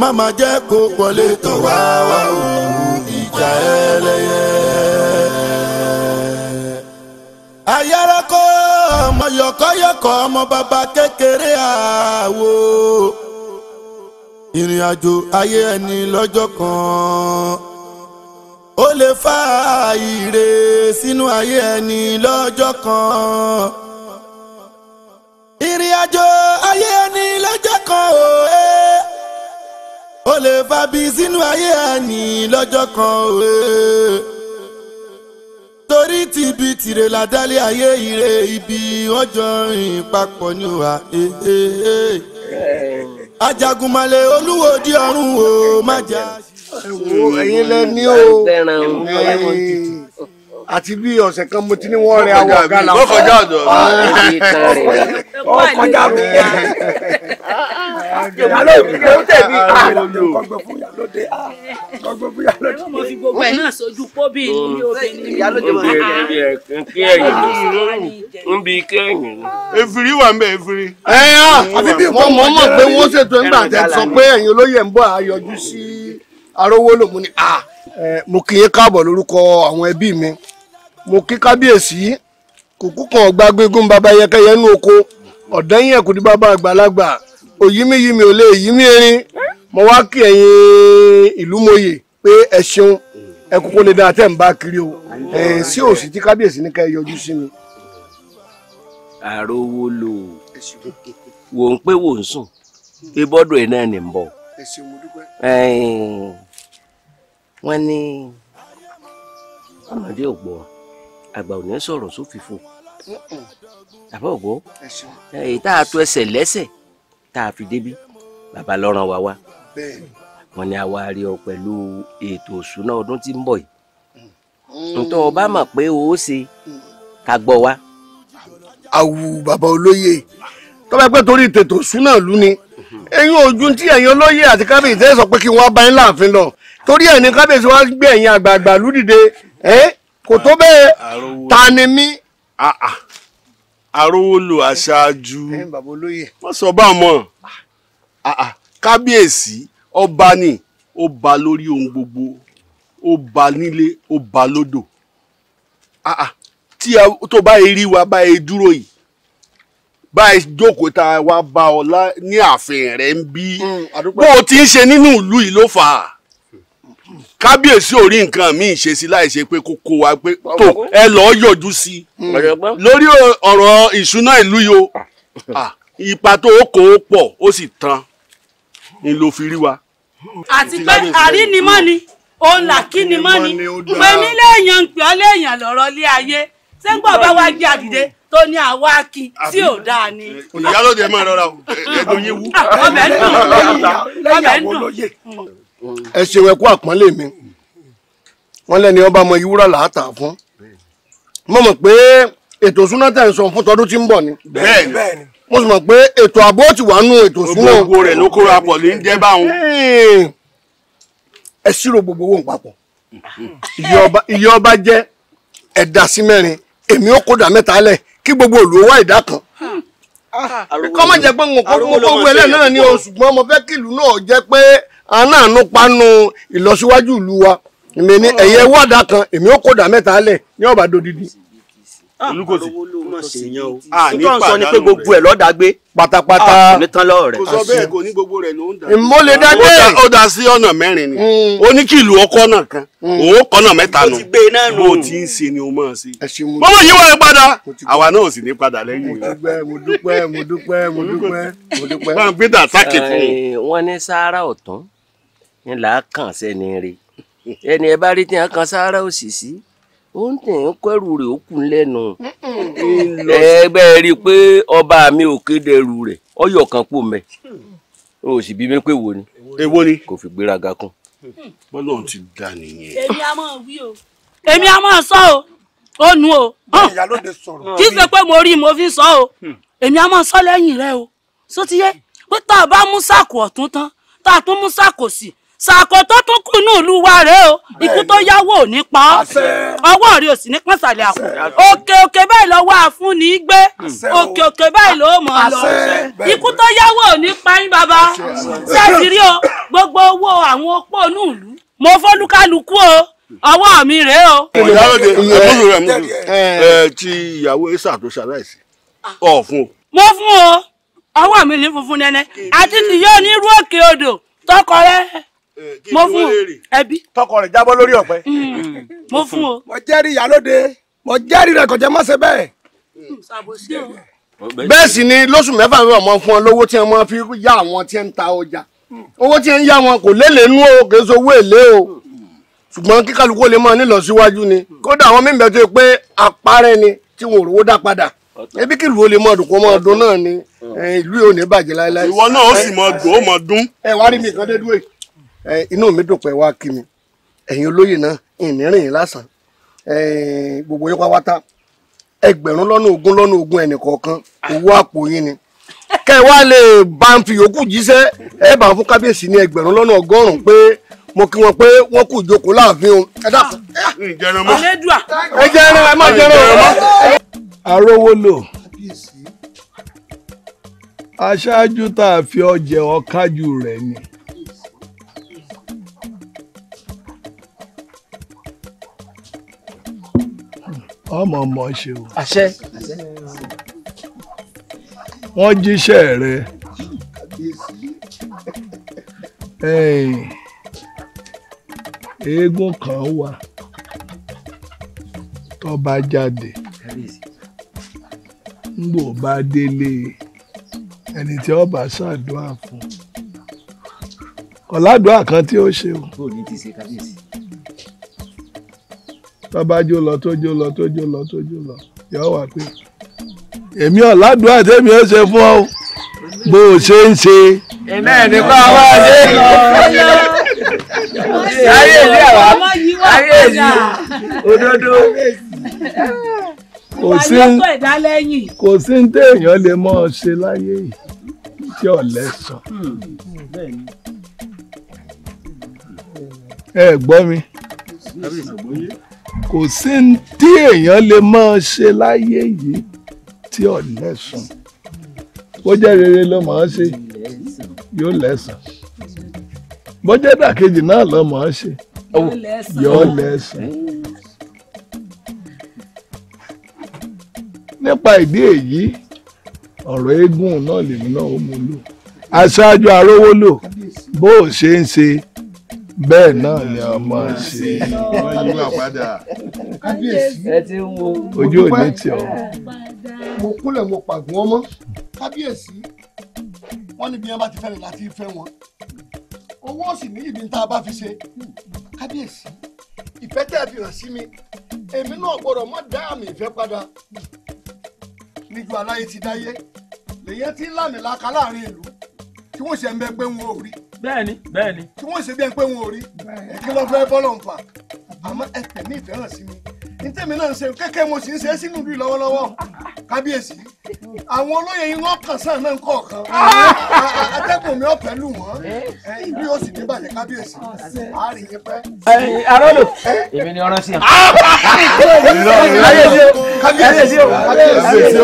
má má jẹ́ kó wọlé tó wá wá òun ìjà ẹlẹ́yẹ. ayárakọ ọmọ yọkọyọkọ ọmọ bàbá kékeré àwo ìrìn àjò ayé ẹni lọ́jọ́ kan ó lè fa ire sínú ayé ẹni lọ́jọ́ kan. sínú ayé àní lọ́jọ́ kan òwe torí ti ibi tìrẹ ládálé ayé ire ibi wọ́n jọ rìn papọ̀ ní wa. ajagunmalè olúwo di ọ̀run o má jà. ẹ wo ẹ̀yin lẹ ní o ẹ̀yin lẹ ní o àti bí ọ̀sẹ̀ kan mo ti ní wọ́n rẹ awọ ọ̀gá làwọn. wọ́n kọjá ọ̀dọ̀ rẹ̀. wọ́n kọjá mi. yàrá ìwé ó tẹ̀lé kọ́gbẹ́ fún yàlóde kọ́gbẹ́ ah, fún yàlóde. mo fi gbogbo ẹ̀ náà sojú kóbì ní obìnrin. yàlóde wà á bí ẹ̀kan kí ẹ̀yìn ń bi kí ẹ̀yìn. efiri wà ń bẹ efiri. ẹ ẹ ah, àbí bí mo mọ̀ mọ̀ pé wọ́n ṣètò ẹ̀ńgbà tẹ sọ pé ẹ̀yin olóyè ń bọ̀ àyọjú sí arówó lòmù ni ah, mo kì í káàbọ̀ lórúkọ àwọn ẹbí mi mo kí kábíyèsí kùkú kan ọgbà gbégún baba yẹkẹyẹ nú oko ọ̀dẹ́yìn ẹ̀kúndí baba àgbàlagbà òyímíyími ò lè yímí erin mo wá kí ẹ̀yin ìlú mòye pé ẹ ṣeun ẹ kúkú lè dáa tẹ̀ ń bá kiri o ẹ̀yìn sí òsì tí kábíyèsí ní ká ẹ yọjú sí mi. àròwó lò wò ń pé wò ń sùn ibọ́dọ̀ ẹ̀ náà ní bọ̀ wọ́n ní ọmọdé ò gbọ́ àgbà ò ní sọ̀rọ̀ sófìfo àbọ̀ gbọ́ èyí tá a tó ẹsẹ̀ lẹ́sẹ̀ tá a fi débi bàbá lọ́ràn wa wá wọn ni a wá rí ọ pẹ̀lú ètò òṣùná ọdún tí ń bọ̀ yìí mm-hmm. ntọ́ ọba mọ̀ pé o ó ṣe mm-hmm. ká gbọ́ wa. àwù bàbá olóyè tọ́ba pẹ́ torí tètò ìṣúná ìlú ni eyín mm-hmm. ojú tí ẹ̀yin olóyè àti kábíyèsí ẹ̀ sọ pé kí wọ́n bá yín láàfin lọ torí ẹ̀ ní kábíyèsí wọ́n gbé ẹ̀yin àgbààgbà lùdìde kò tó bẹ́ẹ̀ ta ni mí. arówó ah, ah. lo aṣáájú wọ́n sọ bá mọ̀ ah, kábíyèsí ọba ni ó ba lórí ohun gbogbo ó ba nílé ó ba lódò tí tó bá rí wa bá e dúró yìí báyìí jókòó tá a wá bá ọ ní ààfin rẹ ń bí mm, bó o ti ń ṣe nínú ìlú yìí ló fà á kábíyèsí ò rí nǹkan míì ṣe sí láì ṣe pé kókó wa pé tó ẹ lọ́ọ́ yọjú sí i mm. lórí ọ̀rọ̀ ìṣúná ìlú yìí o ah. Ah, ipa tó kó o pọ̀ ó sì tan ni ló fi rí wa. àti pé àrínimọ́ ni òun là kí ni mọ́ ni pé nílé èèyàn ń pè ọ́ léèyàn lọ́rọ́ lé ayé ṣé ń gbọ́ bá wá gbé àdìde tó ní àwa kí tí ò dáa ni. ìyálòdì ẹ máa rọra ẹgbẹ́ yín wú. ọbẹ̀ ń dùn ọbẹ̀ ń dùn. ẹ ṣeun ẹ kú àpọ́nlé mi wọ́n lẹ́ni ọba ọmọ ìwúrà làátà fún mo mọ̀ pé ètò tẹ̀ ń sọ fún tọdún tí ń bọ̀ ni. mo sì mọ̀ pé ètò ààbò ti wà nù ètò ìṣúná. gbogbo rẹ̀ ló kóra pọ̀ ní jẹ́ báwọn. ẹ gbogbo owó papọ̀ iye ọba jẹ́ ẹ̀dá sí mẹ́rin èmi ó kódà mẹ́ta lẹ̀ kí gbogbo ìdá kan ah. mo ni o ṣùgbọ́n mo fẹ́ kí ìlú náà jẹ́ anáàánú panu ìlọsíwájú ìlú wa èmi ní ẹ̀yẹ wọ́ọ̀dà kan èmi ó kódà mẹ́ta lẹ̀ ní ọ̀bà dodidi. olùkọ́sì ní kàn sọ ni pé gbogbo ẹ̀ lọ́dà gbé pátápátá ah, nìkan lọ́ọ̀ rẹ̀. kò sọ ah, bẹ́ẹ̀ kò ní gbogbo rẹ̀ ló ń dà. ìmọ̀lẹ̀ ah, dágbé. ó dá sí ọ̀nà mẹ́rin ni hmm. ó ní kí ìlú ọkọ náà kan òun hmm. kọ́nà mẹ́ta e nù bó ti ń ṣe ni o máa ṣe. mọ́mọ́ yìí wọ́n padà àwa náà ò sì ní padà lẹ́yìn. mo dúpẹ́ mo dúpẹ́ mo dúpẹ́ mo dúpẹ́. bá gbé dà sákè fún un. Eh, wọ́n ní sáárà ọ̀tún ńlá kàn sẹ́ni rè ẹni ẹ bá rí tí wọn kan sáárá òṣìṣì ó ń tẹ̀ ń kẹ́rù rẹ̀ ó kùn lẹ́nu ẹgbẹ́ rí i pé ọba mi ò kéde ẹrù rẹ̀ ọyọ̀ kan pò mẹ́ o sì bí mi pé wo ni èwo ni kò fi gbéraga kún. bọ́lá òun ti dà nìyẹn. èmi a máa wí o èmi a máa sọ o ó nu o kì í ṣe pé mo rí mo fi sọ o èmi a máa sọ lẹ́yìn rẹ o sótìyẹ pé tá a bá mú sáàkù ọ̀tún tán tá a tún mú sáàkù sí sàkó tó tún kù nù lù wa rèé o ikú tó yáwó ò ní pa ọ́ ọwọ́ rẹ̀ ò sì ní pọ́nsàlẹ̀ àpò òkè òkè báyìí lọ́wọ́ àfúnni gbé òkè òkè báyìí ló mọ̀ ọ́ lọ ikú tó yáwó ò ní pa yín bàbá ṣẹ́ẹ̀tì rí o gbogbo owó àwọn opó nù lù mo fọ́lúkálukú o ọwọ́ mi rèé o. ìyálòde ẹ̀mọ́sọ̀ rẹ̀ ẹ ti ìyàwó isa tó ṣaláìsí ọ̀ fún o. mo fún o ọwọ́ mi ní funfun nẹ́nẹ́ àti tìyọ́ onírú òkè odò tọkọ rẹ̀ Eh, mo fún o ẹbí. tọkọ rẹ jábọ́ lórí ọ̀pẹ. Mm. Mm. mo fún o. mo jẹ́rìí ìyálóde mo jẹ́rìí rẹ kọjá má ṣe bẹ́ẹ̀. Mm. bẹ́ẹ̀ sì ni lóṣù mẹ́fà mi ọmọ fún ọ lówó tí wọ́n fi yá àwọn tí ń ta ọjà owó tí ń yá wọn kò lélẹ̀ nú o kò so owó èlé o ṣùgbọ́n kí kálukú lè máa nílọsíwájú ni kódà àwọn mímú bẹ́ẹ̀ tó pé apárẹ́ ni tí wọn ò rówó dá padà ebi kí ìlú olè mọ ọdún kó mọ ọdún náà ni eh, ìlú yóò ní bàjẹ́ láéláé. ìwọ náà ó sì eh. mọ dùn ó mọ dún. ẹ wá rí mi kan dé dúró yìí. inú mi dùn pé wá kí mi ẹ̀yin olóyè náà ìnírìn lásán gbogbo yín pátá ẹgbẹ̀rún lọ́nà ogún lọ́nà ogún ẹnìkọ̀ọ̀kan owó àpò yín ni kẹ wá lè bá ń fi yòókù jíṣẹ́ ẹ bá ń fún kábíyèsí ní ẹgbẹ̀rún lọ́nà ọgọ́rùn-ún pé mo kí wọn pé wọn kù ìjókòó láàfin o ẹ dákun. ǹjẹ́rán mọ́ ẹ jẹ́rán ẹ má jẹ́rán arówó lò aṣáájú tá a fi ọjẹ ọkájú rẹ ni. ọmọ ọmọ ṣe o. àṣẹ. wọ́n jíṣẹ́ rẹ. eégún kan wà tó bá jáde ngbò bá délé ẹni tí ó bá ṣàdúrà fún ọ̀làdúrà kan tí ó ṣe o tó bá jó lọ tó jó lọ tó jó lọ tó jó lọ yọ wà pé èmi ọ̀làdùn àtẹ̀mí ó ṣe fún ọ bó o ṣe ń ṣe. iná ẹni kọ́ ọmọ ṣe ayé ìlú ẹ̀wà ayé ìlú òdodo. kò sí kò sí ní téèyàn lè mọ̀ ọ́ ṣe láyé yìí tí ọ̀lẹ́ sọ. ẹ gbọ́ mi kò sí ní tí èèyàn lè máa ṣe láyé yìí tí ò lẹ́sùn bó jẹ́ rere ló máa ṣe yóò lẹ́sùn bó jẹ́ dàkejì náà ló máa ṣe yóò lẹ́sùn. nípa ìdí èyí ọ̀rọ̀ eégún náà lèmi náà ó mú lò aṣáájú arówó lò bó o ṣe ń ṣe bẹ́ẹ̀ náà ni ọmọ ṣe kábíyèsí ojú òní tí ọ. mo kúnlẹ̀ mo pàgùn ọmọ kábíyèsí wọ́n ní bí wọ́n bá ti fẹ́rẹ̀ láti fẹ́ wọn owó sì níyì bí tá a bá fi ṣe kábíyèsí ìfẹ́ tẹ́ ẹ fi hàn sí mi èmi náà gbọ́dọ̀ mọ́ dá àmì ìfẹ́ padà níjú aláyé ti dáyé lèyẹn ti ń lámìlaka láàrin ìlú tí wọ́n ṣe ń bẹ́ pé wọn ò rí bẹ́ẹ̀ni bẹ́ẹ̀ni. tí wọn ṣe bí ẹni pé wọn ò rí kí ló fẹ́ bọ́lọ̀ ń fà àmọ́ ẹ tẹ̀lé ìfẹ́ hàn sí mi ní tèmi náà ṣe kẹ́kẹ́ mo sì ń ṣe é sínú ìlú lọ́wọ́lọ́wọ́ kábíyèsí àwọn olóyè yín wọn kàn sáà náà kọ̀ọ̀kan atẹ́kùn mi ò pẹ̀lú wọn ìlú yóò sì débàlẹ̀ kábíyèsí àárín yín pẹ́. arọ́lò èmi ni ọ̀rọ̀ sí i. kábíyèsí o kábíyèsí o kábíyèsí o kábíyèsí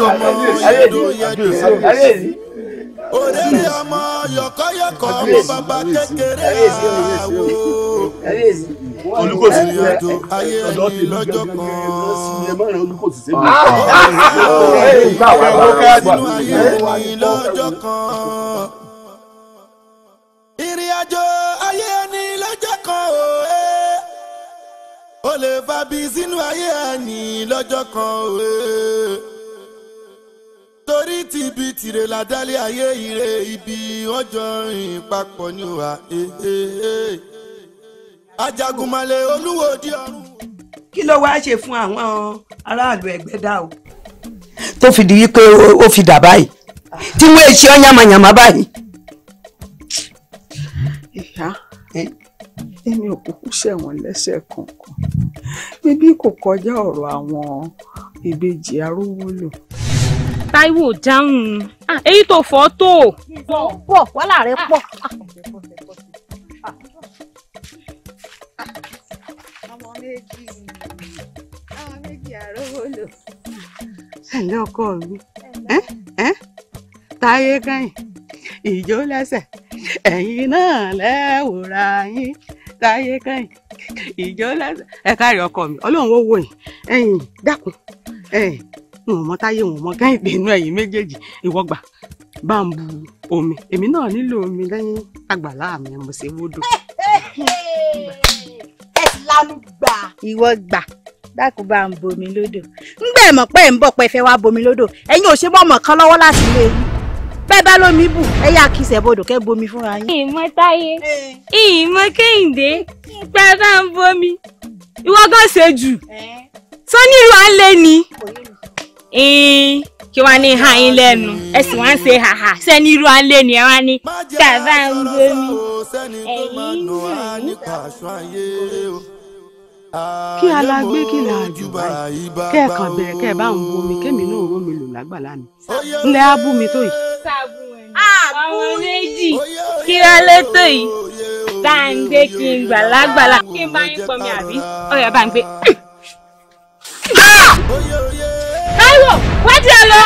o kábíyèsí o kábíyèsí o òrèrè ọmọ yọ̀kọ́yọ̀kọ́ ọmọ bàbá kékeré àwò olùkọ́sí ni ọjọ́ ayé ẹni lọ́jọ́ kan nínú ayé ẹni lọ́jọ́ kan ìrìn àjò ayé ẹni lọ́jọ́ kan òye ó lè fa bí sínú ayé ẹni lọ́jọ́ kan òye torí ti ibi tìrẹ ládàlẹ ayé ire ibi wọn rìn papọ̀ ní wa e, e, e. ajagunmalẹ̀ olúwòdì ọ̀run. kí ló wáá ṣe fún àwọn aráàlú ẹgbẹ́dá o. tó fi di wípé ó fi dà báyìí tí wọ́n èsì ọ́ yàmàyàmà báyìí. ìyá èmi ò kúkú ṣẹ̀wọ̀n lẹ́sẹ̀ kankan bíbí kò kọjá ọ̀rọ̀ àwọn ìbejì arúgbó lò. Táíwò dáhùn èyí tó fọ́ tó. pọ̀ wàhálà rẹ pọ̀. ọmọ méjì ọmọ méjì àròwò lò. ẹ̀lẹ́ ọkọ mi táyé kẹ́yìn ìjó lẹ́sẹ̀ ẹ̀yin náà lẹ́wòrà yín táyé kẹ́yìn ìjó lẹ́sẹ̀ ẹ̀ka rẹ̀ ọkọ mi ọlọ́run ó wò yín ẹ̀yìn dákun n ò mọ táyé n ò mọ kẹ́hìndé inú ẹ̀yìn méjèèjì ìwọ gbà bá ń bu omi èmi náà nílò omi lẹ́yìn àgbàlá mi mo ṣe wódò. ẹ ti lanu gbà. ìwọ gbà dákun bá ń bomi lódò ńgbà ẹ̀ mọ̀ pé ẹ̀ ń bọ̀ pé ẹ fẹ́ wá bomi lódò ẹ̀yin ò ṣe mọ̀mọ̀ kan lọ́wọ́ láti lé e bẹ́ẹ̀ bá lómi bù ẹ yá kí ìṣẹ̀bọdò kẹ́ bomi fúnra yín. ìmọ̀ táyé ìmọ̀ kẹ́hìndé pé ẹ bá ń bomi ìwọ gan jù tó ní ìlú alẹ́ kí wọ́n ní ha yín lẹ́nu ẹ sì wọ́n ń ṣe haha sẹ́ni irú alẹ́ ni ẹ wá ní tàbá ń gbé mi ẹ̀yìn ń kí alágbé kí là á jù báyìí kẹ́ẹ̀kan bẹ̀rẹ̀ kẹ́ẹ̀ bá ń bomi kémi náà rómi lò lágbàlá mi ńlẹ́ á bú mi tó yìí. àbú méjì kí á lé tó yìí tá à ń gbé kí n gbà lágbàlá kí n bá yín pọ̀ mi àbí ọ̀rẹ́ bá ń gbé. wò wá di ẹ lọ.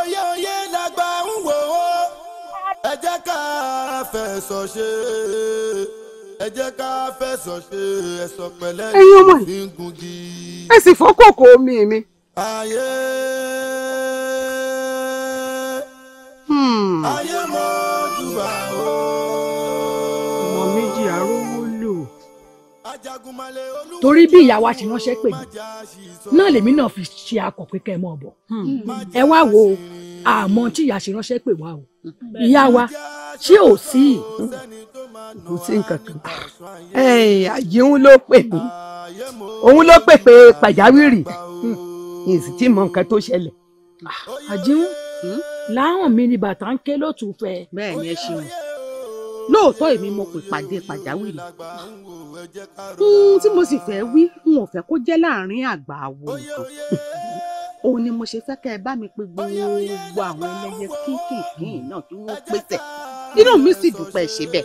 oyè oyè làgbà ń wò ó ẹ ká fẹ̀sọ̀ ṣe ẹ ká fẹ̀sọ̀ ṣe ẹ̀sọ̀ pẹ̀lẹ́ ní fi ń ẹ sì fọ́ omi mi. ayé hmm. ayé mo jù wá o. torí bí ìyàwó àti ránṣẹ́ pè mí náà lèmi náà fi ṣe akọ̀ pé kẹ́ ẹ mọ̀ bọ̀ hmm. Hmm. ẹ wá wo àmọ́ tí ìyá ṣe ránṣẹ́ pè wá o hmm. ìyá wa ṣé ò sí i. kò sí nǹkan kan àyè òun ló pè mí òun ló pè pé pàjáwìrì ní tí mọ nǹkan tó ṣẹlẹ̀. Ah, àjíhùn láwọn mi ni bàtà ń ké lótùú fẹ. bẹ́ẹ̀ ni ẹ ṣe wọn lóòótọ́ èmi mo pè pàdé pàjáwìrì ohun tí mo sì fẹ́ wí n ò fẹ́ kó jẹ́ láàrin àgbà àwò nǹkan òun ni mo ṣe fẹ́ kẹ́ ẹ bá mi pe gbogbo àwọn ẹlẹ́yẹ kínkìnkín náà kí wọ́n pèsè inú mi sì dúpẹ́ ṣe bẹ́ẹ̀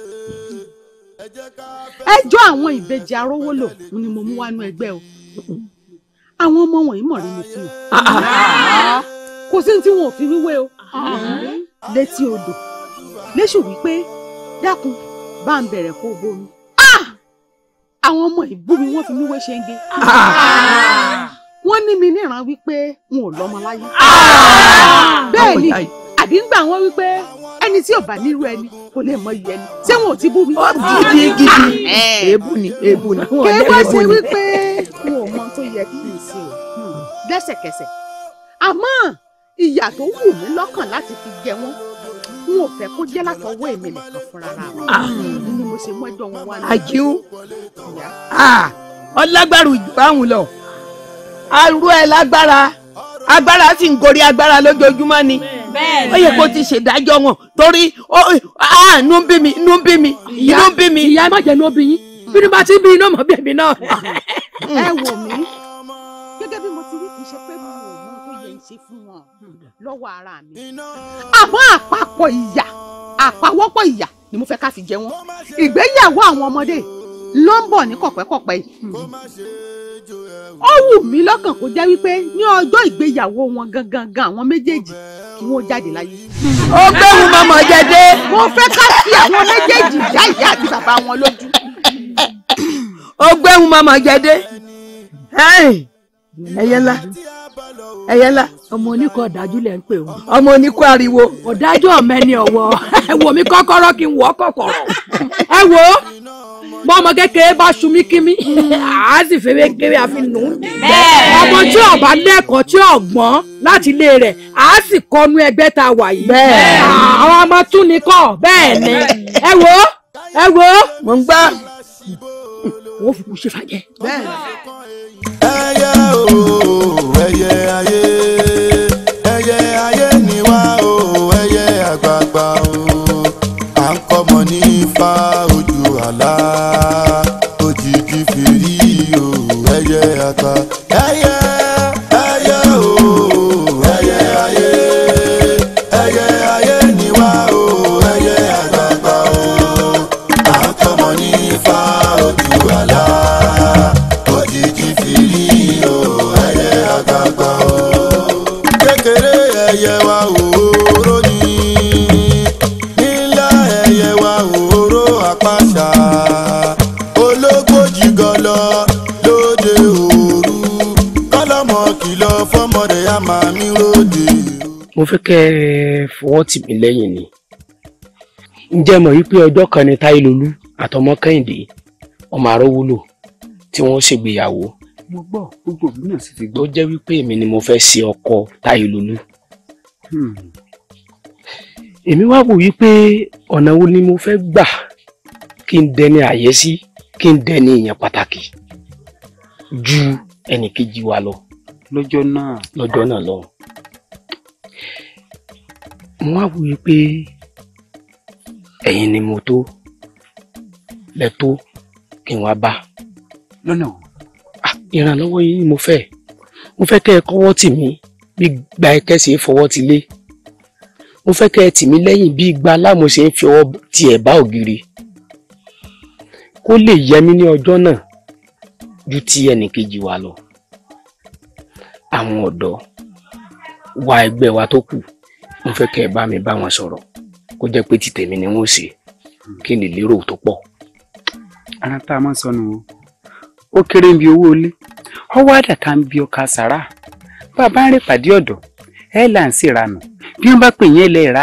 ẹjọ́ àwọn ìbejì arówó lò òun ni mo mú wánú ẹgbẹ́ o àwọn ọmọ wọ̀nyí mọ̀ rí mi fi hàn kò sí ní tí wọn ò fi wíwé o létí odò léṣù wípé dákun bá ń bẹ̀rẹ̀ kó bomi. Ah! àwọn ọmọ ìgbómi wọn fi mí wé ṣẹ́ńgé. wọ́n ní mi níran wípé n ò lọ́mọ láyé. bẹ́ẹ̀ ni àbí ń gbà wọ́n wípé ẹni tí ò bá nírú ẹni kò lè mọ iye ẹni ṣé wọn ò ti bú mi. ó gidi gidi ah! èébú ni èébú ni. kéwàá ṣe wípé n ò mọ tó yẹ kí n ṣe o hmm, lẹ́sẹ̀kẹsẹ̀ àmọ́ ìyà tó wù mí lọ́kàn láti fi jẹ wọ́n n ò fẹ́ kó jẹ́ látọwọ́ èmi nìkan fúnra ra wa ni ah. mo ṣe mọ́jọ́ wọn wá ní. àjíw ah. ọlágbàrú ìbáhùn lọ arú ẹ lágbára agbára sì ń gorí agbára lójoojúmọ́ ni ó yẹ kó ti ṣèdájọ́ wọn torí inú ń bí mi inú ń bí mi inú ń bí mi. ìyá ẹ má jẹ́ ní ó bí yín bí ni bá ti ń bí iná mọ́ bí èmi náà. ẹ wò mí gẹ́gẹ́ bí mo ti wí kì í ṣe pé mo ò mọ tó yẹ ń fún wọn lọ́wọ́ ara mi. àmọ́ àpapọ̀ ìyà àpawọ́pọ̀ ìyà ni mo fẹ́ ká fi jẹ wọ́n ìgbéyàwó àwọn ọmọdé ló ń bọ̀ ní kọ̀pẹ́kọ̀pẹ́ yìí. ó wù mí lọ́kàn kó jẹ́ wípé ní ọjọ́ ìgbéyàwó wọn gangan gan àwọn méjèèjì kí wọ́n jáde láyé. ó gbẹ́rù mọ́mọ́ jẹjẹ. mo fẹ́ ká fi àwọn méjèèjì ìyá ìyá àti bàbá wọn lójú. ó gbẹ́rù mọ́mọ́ jẹjẹ. ẹyẹ ńlá ẹyẹ ńlá. ọmọ oníkọ ọ̀dájú lẹ ń pè wọn. ọmọ oníkọ ariwo. ọ̀dájú ọ̀mẹ́ni ọ̀wọ́ ẹ wò mí kọ́kọ́rọ́ kí n wọ́ kọ̀kọ̀rọ̀ ẹ wò ó bọ́ ọmọ kékeré bá sunmi kími àá sì fẹ́ kékeré àfi nù ún. ọmọ tí ọba lẹ́kọ̀ọ́ tí ọ̀gbọ́n láti ilé rẹ̀ àá sì kọnu ẹgbẹ́ ta wà yìí. àwọn ọmọ tún ní kọ́ bẹ́ẹ̀ ni ẹ wò mo ń gbá. wọ́n fi kú ṣe fàjẹ́. ẹyẹ ooo ẹyẹ ayé ẹyẹ ayé ni wá o ẹyẹ àgbààgbà o à ń kọ́mọ ní ifá ojú àlá òjìji fèrè o ẹyẹ àgbà. fẹ́ kẹ́ ẹ fọwọ́ tì mí lẹ́yìn ni ǹjẹ́ mọ̀ wípé ọjọ́ kan ni táìlólú àtọmọ kẹ́hìndé ọmọ àrówúlò tí wọ́n ṣègbéyàwó. mo gbọ́ gbogbo òbí náà sì ti gbọ́. tó jẹ́ wípé èmi ni mo fẹ́ ṣe ọkọ táìlólú. Hmm. èmi wá wò wípé ọ̀nà wo ni mo fẹ́ gbà kí n dẹni àyẹ́sí kí n dẹni èèyàn pàtàkì ju ẹnì kejì wa lọ. lọ́jọ́ náà lọ́jọ́ náà lọ́hùn mo wá wí pé ẹ̀yin ni mo tó lẹ tó kí n wá bá lọ́nà ah, ìrànlọ́wọ́ yín mo fẹ́ mo fẹ́ kẹ́ ẹ kọ́wọ́ tì mí bí gba ẹ kẹ́sì ń fọwọ́ ti lé mo fẹ́ kẹ́ ẹ tì mí lẹ́yìn bí gba aláàmúṣe ń fi ọwọ́ tiẹ̀ bá ògiri kó lè yẹ mí ní ọjọ́ náà ju ti ẹnìkejì wa lọ àwọn ọ̀dọ́ wa ẹgbẹ́ wa tó kù mo fẹ́ kẹ́ ẹ bá mi bá wọn sọ̀rọ̀ kó jẹ́ pé ti tèmi ni wọ́n ṣe kí lérò tó pọ̀. ara tá a máa sọnù o ó kéré bí owó ilé ọwọ́ àdàkà ń bi ọkà sàrà bàbá ń rí pàdé ọ̀dọ̀ ẹ là ń bí wọ́n bá pè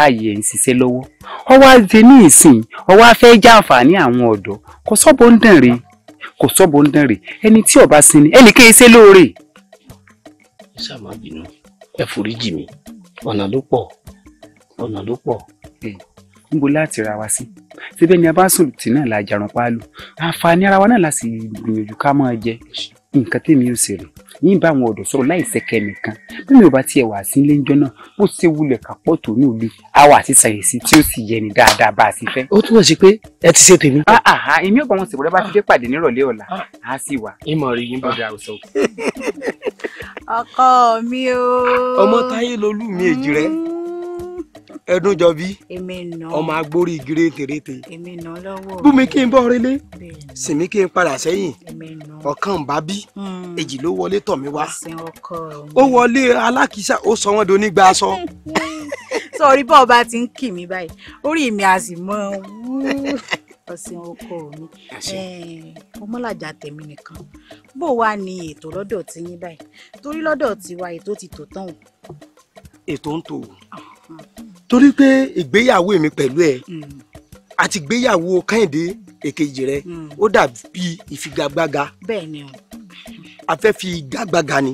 àyè ń ṣiṣẹ́ lọ́wọ́ ọwọ́ àti ní ìsìn ọwọ́ já ọ̀nà ló pọ̀ hmm. níbo láti ra wa sí síbẹ̀ ni a bá sùn tì náà la jarun páálù àǹfààní ara wa náà la sì gbìyànjú ká máa jẹ nǹkan tèmi ò sì rìn yín bá àwọn ọ̀dọ́ sọ̀rọ̀ láì sẹ́kẹ̀ nìkan bí mi ò bá tiẹ̀ wà sí ilé ńjọ́ náà bó ṣe wulẹ̀ kà pọ̀ tó ní òbí a wà sí sàyẹ̀sí tí ó sì yẹ ni dáadáa bá a sì fẹ́. ó túbọ̀ sí pé ẹ ti ṣe tèmi. Ah, ah, ah, èmi ò bá wọn ṣèwọ́dá bá ti dé pàdé nírọ̀lẹ́ ọ̀la á sì wà. ìmọ̀ rí yín bọ̀dọ̀ àwùjọ. ọkọ mi o. ọmọ táyé lolú mi èjì rẹ. Mm ẹdún jọbí ọmọ agbórí igi rétérété bùnmi kí n bọ́ relé sinmi kí n padà sẹ́yìn ọ̀kan bá bí hmm. èjì ló wọlé tọ̀ mí wá ó wọlé alákìísà ó sọ wọ́n do nígbà aṣọ. sọ̀rí bọ́ọ̀ bá ti ń kì mí báyìí orí mi a sì mọ wú ọ̀sìn ọkọ mi ọmọlàjà tèmi nìkan bó wàá ní ètò lọ́dọ̀ tí yín báyìí torí lọ́dọ̀ tiwa ètò ti tò tán o. ètò ń tò o torí pé ìgbéyàwó èmi pẹ̀lú ẹ mm. àti ìgbéyàwó kẹ́hìndé èkejì rẹ mm. ó dàbí ìfigagbága bẹ́ẹ̀ ni o a fẹ́ fi gagbága ni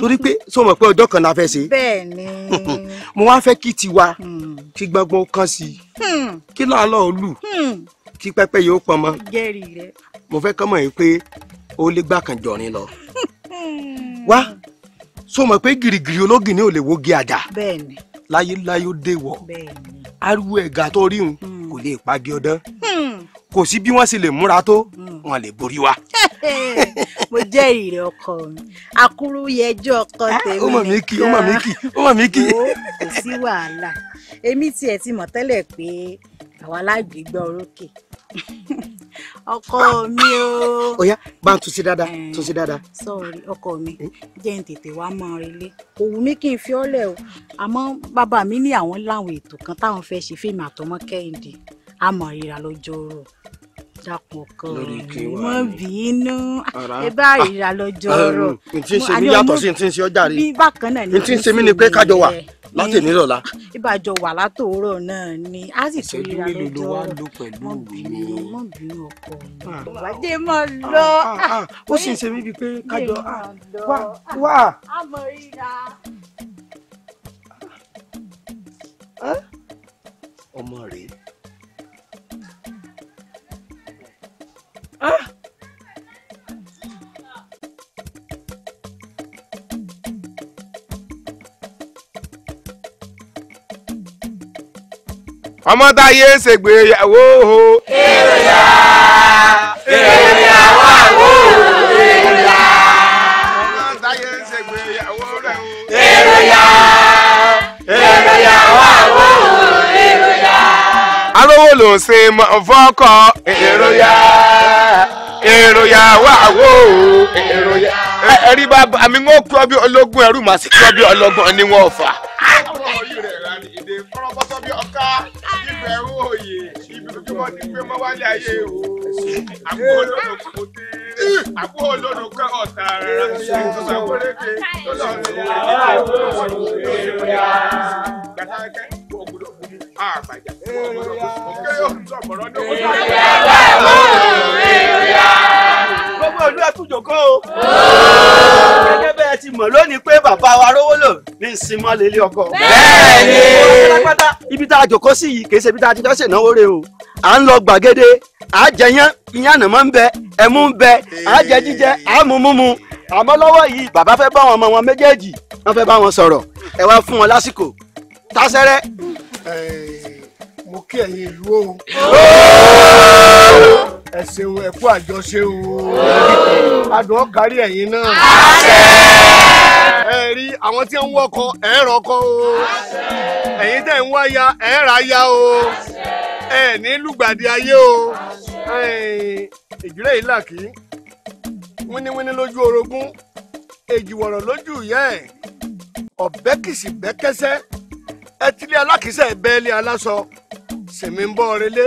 torí pé sọ mọ̀ pé ọjọ́ kan la fẹ́ ṣe. bẹ́ẹ̀ni. mo wá fẹ́ kí tiwa mm. kí gbọ́ngbọ́n kan sí i hmm. kí làálọ̀ ó lù hmm. kí pẹ́pẹ́ yóò pọn mọ́. mo fẹ́ kọ́ mọ̀ yìí pé ó lé gbàkànjọ̀rin lọ. Hmm. wá sọ mọ̀ pé gìrìgìrì ológìní ò lè wogi àjà. bẹ́ẹ̀ni láyéláyé ó déwọ̀ ariwo ẹ̀gà tó rí hun hmm. kò lè pagi ọdán hmm. kò sí bí wọ́n sì lè múra tó hmm. wọn lè borí wa. mo jẹ́ ìrẹ̀ ọkọ mi àkúrú yẹjọ́ ọkọ ah, tèmi nìkan ó mọ̀ mí kì ó mọ̀ mí kì ó mọ̀ mí kì. kò sí wàhálà èmi tiẹ̀ ti mọ̀ tẹ́lẹ̀ pé àwa lágbègbè orókè ọkọ mi o. oya bá a tún sí dáadáa tún sí dáadáa. sọọri ọkọ mi jẹ́ n tètè wá máa relé kò wù mí kí n fi ọ́lẹ̀ o àmọ́ bàbá mi ní àwọn láwọn ètò kan táwọn fẹ́ ṣe fíìmù àtọmọ kẹ́hìndé àmọ́ ríra lọ́jọ́ rò dàpọ̀ kan mọ́ bínú ẹ bá ríra lọ́jọ́ rò. n ti ń ṣe yàtọ̀ sí n ti ń ọjà rí n ti ń ṣe ni pé kájọ wà látẹ̀lé lọ́la. ìbàjọ́ wà látòórọ̀ náà ni a sì tó yíra lọ́jọ́ mọ́ bínú mọ́ bínú ọkọ ìbàjẹ́ ah, ah, mọ́ ah, lọ. ó sì ń ṣe mí bíi pé kájọ wá wá. a mọ̀ ríra. ọmọ rèé. ọmọtayé ṣègbéyàwó o. èròyà èròyà wà wò èròyà. èròyà èròyà wà wò èròyà. arówó ló ṣe mọ fọkọ. èròyà èròyà wà wò èròyà. ẹ ẹ rí bá mi ń kú bí ológun ẹrú màá sì bí fà. tí wọ́n ti gbé mọ́ wálé ayé o àbúrò olóró kò dé àbúrò olóró kẹ́ ọ̀tá rẹ̀ tó sàkólékè tó lọ sí àbúrò olóró gbàtàkẹ́ ògùdó àbàjá ògùdó òkè òkùdó ọ̀pọ̀rọ̀ ní òkùdó. gbogbo olú ẹ tún jòkó o gẹ́gẹ́ bẹ́ẹ̀ ti mọ̀ lónìí pé bàbá wa Rówólò ní ìsinmọ́ lélẹ̀ ọkọ. bẹ́ẹ̀ni. pátápátá ibi tá a jòkó sí yìí kì í ṣe ibi tá a ti jọ́sìn náwó rè o à ń lọ gbàgede à jẹyán iyán ànàmọ́ ń bẹ ẹ̀mú ń bẹ à jẹ jíjẹ à mú múmu àmọ́ lọ́wọ́ yìí bàbá fẹ́ bá wọn ọmọ wọn méjèèjì wọ́n fẹ́ bá wọn sọ̀rọ̀ ẹ wá fún wọn lásìkò tásẹ́rẹ́. mo kí ẹ̀yin ìlú o ẹ ṣeun ẹ kú àjọṣe o adùn ọkàrí ẹ̀yin náà ẹ rí àwọn tí ń wọkọ ẹ rọkọ o ẹ̀yin tẹ́ ń wáya ẹ ráya o ẹ ní lùgbàdì ayé o ìjírẹ́ yìí làkì wíníwíní lójú orogún èjìwọ̀rọ̀ lójú ìyá ẹ̀ ọ̀bẹ́kìsì bẹ́kẹ́sẹ́ ẹtílé alákìísẹ́ bẹ́ẹ́lí aláṣọ sèmi ń bọ́ relé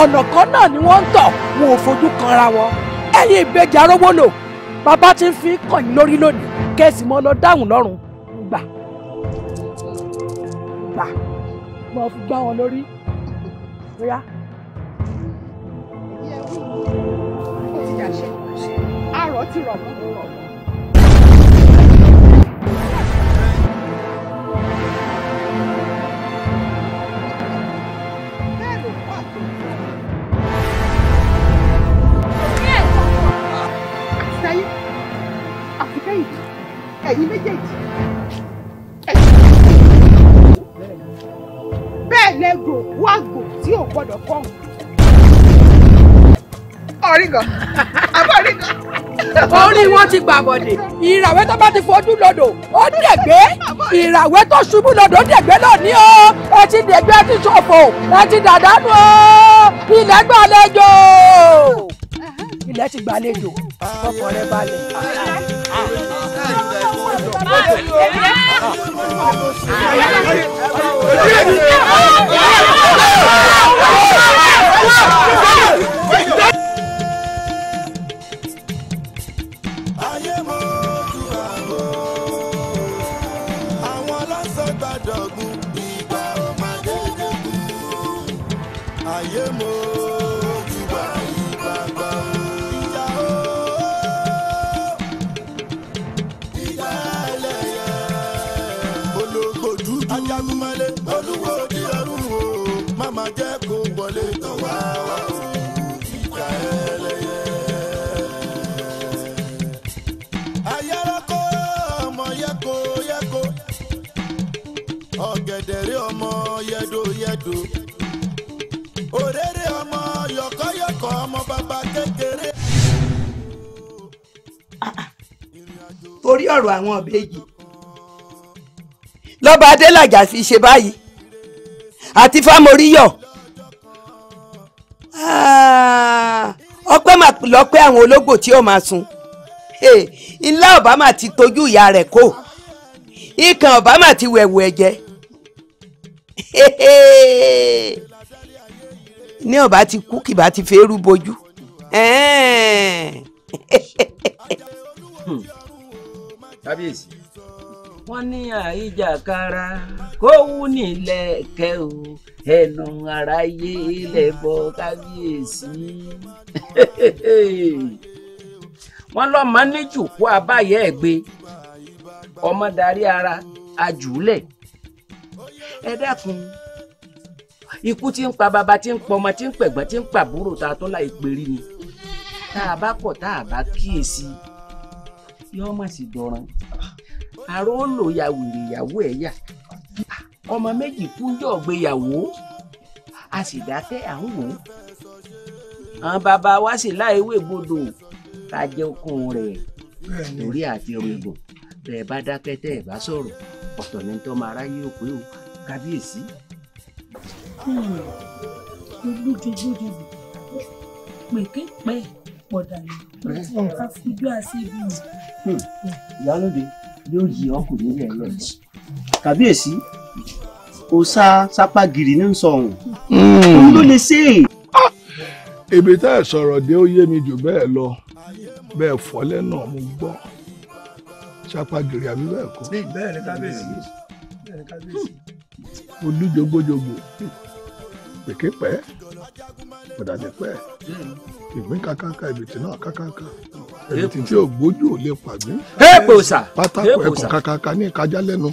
ọ̀nà kan náà ni wọ́n ń tọ̀ wọn ò fojú kanra wọn ẹ̀yin ìbejì arówólò bàbá ti ń fi kàn yín lórí lónìí kẹ́sì mọ́ lọ dáhùn lọ́rùn gbà gbà mo fi gbá wọn lórí bóyá. àrò ti rọ̀ mọ́ rọ̀ ẹ̀yin méjèèjì bẹ́ẹ̀ lẹ gò wá gò tí ò gbọ́dọ̀ kọ́ ọ̀hún. ọ̀rí gan abọ́rí gan. orí wọn ti gbàbọ̀dè ìràwẹ́ tó bá ti fojú lọ́dọ̀ ó dẹ̀gbẹ́ ìràwẹ́ tó ṣubú lọ́dọ̀ ó dẹ̀gbẹ́ náà ní o ẹ ti dẹ̀gbẹ́ ẹ ti ṣọ̀fọ̀ ẹ ti dàdánù o ilẹ̀ gbàlejò ilẹ̀ ti gbàlejò ọkọ̀ rẹ balẹ̀ mọ́tò. tọ́ba adélàjà fi ṣe báyìí àti fámoríyọ̀ ah, ọpẹ́ mà lọ́pẹ́ àwọn ológbò tí ó máa sun eh, ńlá ọ̀bámà ti tọ́jú ìyá rẹ̀ kó ikàn ọ̀bámà ti wẹ̀wù ẹ̀jẹ̀ ní ọ̀bá ti kú kìbá ti fẹ́ rú bojú hmm. kábíyèsí. wọ́n ní àìjàkara kó wú nílẹ̀ kẹ́ o ẹnu aráyé ilẹ̀ bọ́ kábíyèsí. wọ́n lọ́mọ níjù kó abáyé ẹ̀ gbé ọmọ darí ara ajúlẹ̀ ẹ dákun ikú tí ń pa bàbá tí ń pa ọmọ tí ń pẹ̀gbọ́n tí ń pa àbúrò tá a tó láì perí ni tá a bá kọ̀ tá a bá kíyèsí yọ́ọ́ mà sì dọ̀ràn àrọ́ lò ya wèrè ìyàwó ẹ̀ yà ọmọ méjì kúnjọ́ gbéyàwó a sì dákẹ́ à ń wò ó àwọn bàbá wa sì láìwé gbọdọ̀ ká jẹ́ okun rẹ̀ lórí àti rògbòn tẹ̀ bá dákẹ́ tẹ̀ bá sọ̀rọ̀ ọ̀tọ̀ ni tọ́ máa ráyé òpé o kábíyèsí. Hmm. olójoojúmọ́ pèképẹ́ pọ̀dà yóò yí ọkùnrin nílẹ̀ lọ kàbíyèsí o sá sápá gírí ní sọ̀hún hmm. òun ló lè ṣe é. ibi tá ẹ sọ̀rọ̀ dé ó yé mi jù bẹ́ẹ̀ lọ bẹ́ẹ̀ fọ́lẹ́ náà mo gbọ́ sápá gírí àbí bẹ́ẹ̀ kọ́. bẹ́ẹ̀ ni kábíyèsí bẹ́ẹ̀ ni kábíyèsí. olùjogbojogbò pèké ìbìtì náà kákáká ẹni tí o gbójú ò lè pàdé. ẹ sà pátákó ẹkọ kakaka ní ìkájá lẹ́nu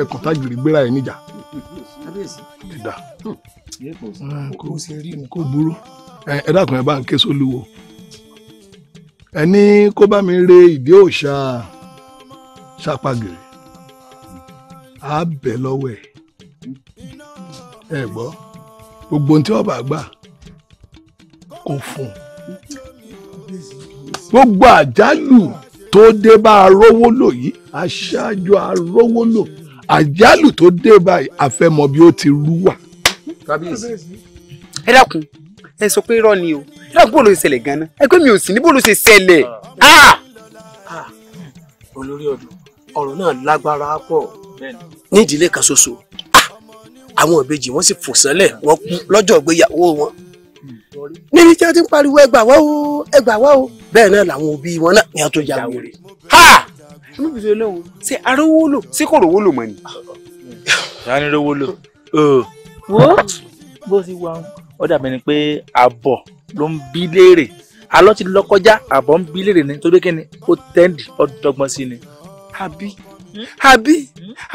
ẹkọ tágìrì gbéra ẹ níjà. ìdá hmm. ah, kò burú ẹ dákun ẹ bá ń ké sólúwo ẹni kó bá mi re ìdí òòṣà ṣàpàgìrì á bẹ̀ lọ́wọ́ ẹ̀ ẹ gbọ́ gbogbo ohun tí ọba gbà kò fún un gbogbo àjálù tó dé bá arówó lò yìí aṣáájú arówó lò àjálù tó dé báyìí àfẹmọ bí ó ti rú wà. ẹ dákun ẹ sọ pé irọ́ ni o ẹ dákun bó ló ṣe ṣẹlẹ̀ gan-an ẹ pé mi ò sí ní bó ló ṣe ṣẹlẹ̀. Ah! Ah! Ah! olórí ọ̀dọ́ ọ̀rọ̀ náà lágbára pọ̀ ní ìdílé kan ṣoṣo àwọn ìbejì wọn sì fò sẹ́lẹ̀ wọn kú lọ́jọ́ ìgbéyàwó wọn níbi tí wọ́n ti ń pariwo ẹgbà wá o ẹgbà wá o bẹ́ẹ̀ náà làwọn òbí wọn náà ni wọ́n tó jáwé rẹ̀. ha olùbùsọ arówó lò ṣé kò rówó lò mọ́ ni. ìyá ni rówó lò. wo bó ti wà ó dàbí ni pé àbọ̀ ló ń bí léèrè alọ́ ti lọ àbọ̀ ń bí léèrè ni torí kí ni ó tẹ́ǹdì ọ̀dọ́gbọ́n sí ni àbí àbí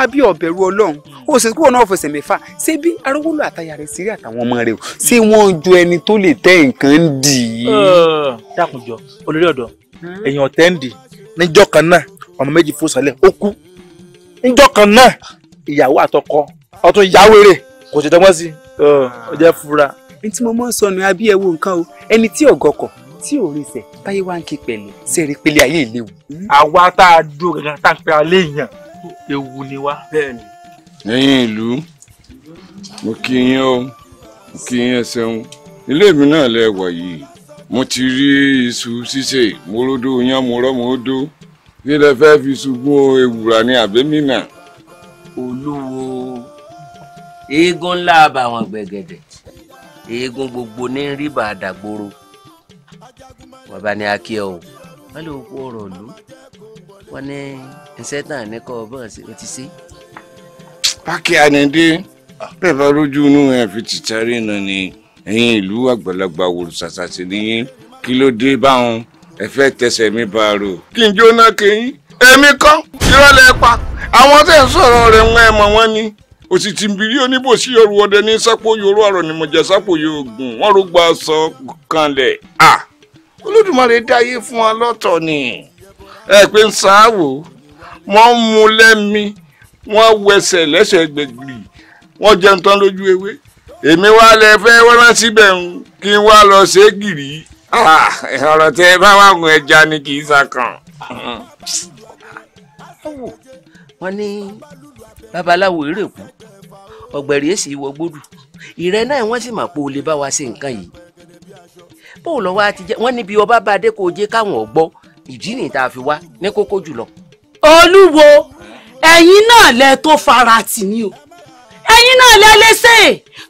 àbí ọ̀bẹ̀rù ọlọ́run ó sì kúrò náà fẹsẹ̀ mẹ́fà ṣé bí arówólò àtayà rẹ̀ sírí àtàwọn ọmọ rẹ̀ o ṣé wọ́n ju ẹni tó lè tẹ́ nǹkan dì í. dákunjọ olórí ọ̀dọ́ èèyàn hmm? tẹ́ ń dì níjọ́ kan náà ọmọ méjì fò sálẹ̀ ó kú níjọ́ kan náà ìyàwó àtọkọ ọtún yáwèrè kò ṣètọ́gbọ́n sí ọjọ́ fura. ẹni tí mo mọ̀ sọnù abí ẹ wo nǹkan o ẹni tí ọ̀gọ́kọ̀ tí ò rinṣẹ̀ báyé wá ń ké pẹ̀lẹ́ sẹ́ẹ̀rí pẹ̀lẹ́ ayé ìléwu. Hmm? àwa tá a dúró gangan tá a ń pẹ́ alẹ́ èèyàn ewu ni wá. bẹ́ẹ̀ni. lẹ́yìn ìlú mo kí yín o mo kí yín ẹsẹ̀un ilé mi náà lẹ wà yìí mo ti rí iṣu ṣíṣe mo ródó yan mo rọ́ mo dó kí lẹ fẹ́ fi ṣùgbọ́n ewùrà ní àbẹ́mínà. olúwo eégún ńlá àbàwọn gbẹ̀gẹ̀dẹ̀ eégún gbogbo ní rí bàdàgbòrò wọ́n bá ní akíọ o wọ́n lè kó ọ̀rọ̀ lù wọ́n ní iṣẹ́ tàn ní kọ́ ọ̀bọ̀n ó ti ṣe. pákí ànẹ́dé bẹ́ẹ̀ bá rójú inú ẹ̀ fi tìtẹ́rì nà ni ẹ̀yin ìlú àgbàlagbà wòlù ṣàṣàṣì nìyí kí ló dé báwọn ẹ fẹ́ tẹsẹ̀ mi bá a rò. kí n jóná kẹyìn èmi kọ́ ìrọ̀lẹ́ pa àwọn tẹ̀ ń sọ̀rọ̀ rẹ̀ wọn ẹ̀ mọ̀ wọ́n ni òsìtì nbírí oníbòsí ọrùn ọdẹ ní sápò yorùbá ọ̀rọ̀ nìmọ̀jà sápò yorùbá wọn ló sọ kanlẹ̀ olódùmarè dáyé fún wa lọ́tọ̀ ni ẹ pé ń sáàwò wọ́n mú lẹ́mí wọ́n wẹsẹ̀ lẹ́sẹ̀ gbẹ̀gbì wọ́n jẹun tán lójú ewé èmi wá lẹ fẹ́ wọ́n síbẹ̀ ń kí n wá lọ ṣe é gìrì ah, ọ̀rọ̀ tẹ bá wà gùn ẹja ni kì í sàkàn. wọ́n ní babaláwo eré kú èsì ìwọ ìrẹ́ náà wọ́n sì mà pé o lè bá wa ṣe nǹkan yìí bó o lọ wá ti jẹ wọn níbi ọba bá adé kò jẹ káwọn gbọ́ ìdí nìyí tá a fi wá ní kókó jùlọ. olúwo ẹ̀yin náà lẹ tó fara tì ní o ẹ̀yin náà lẹ lẹ́sẹ̀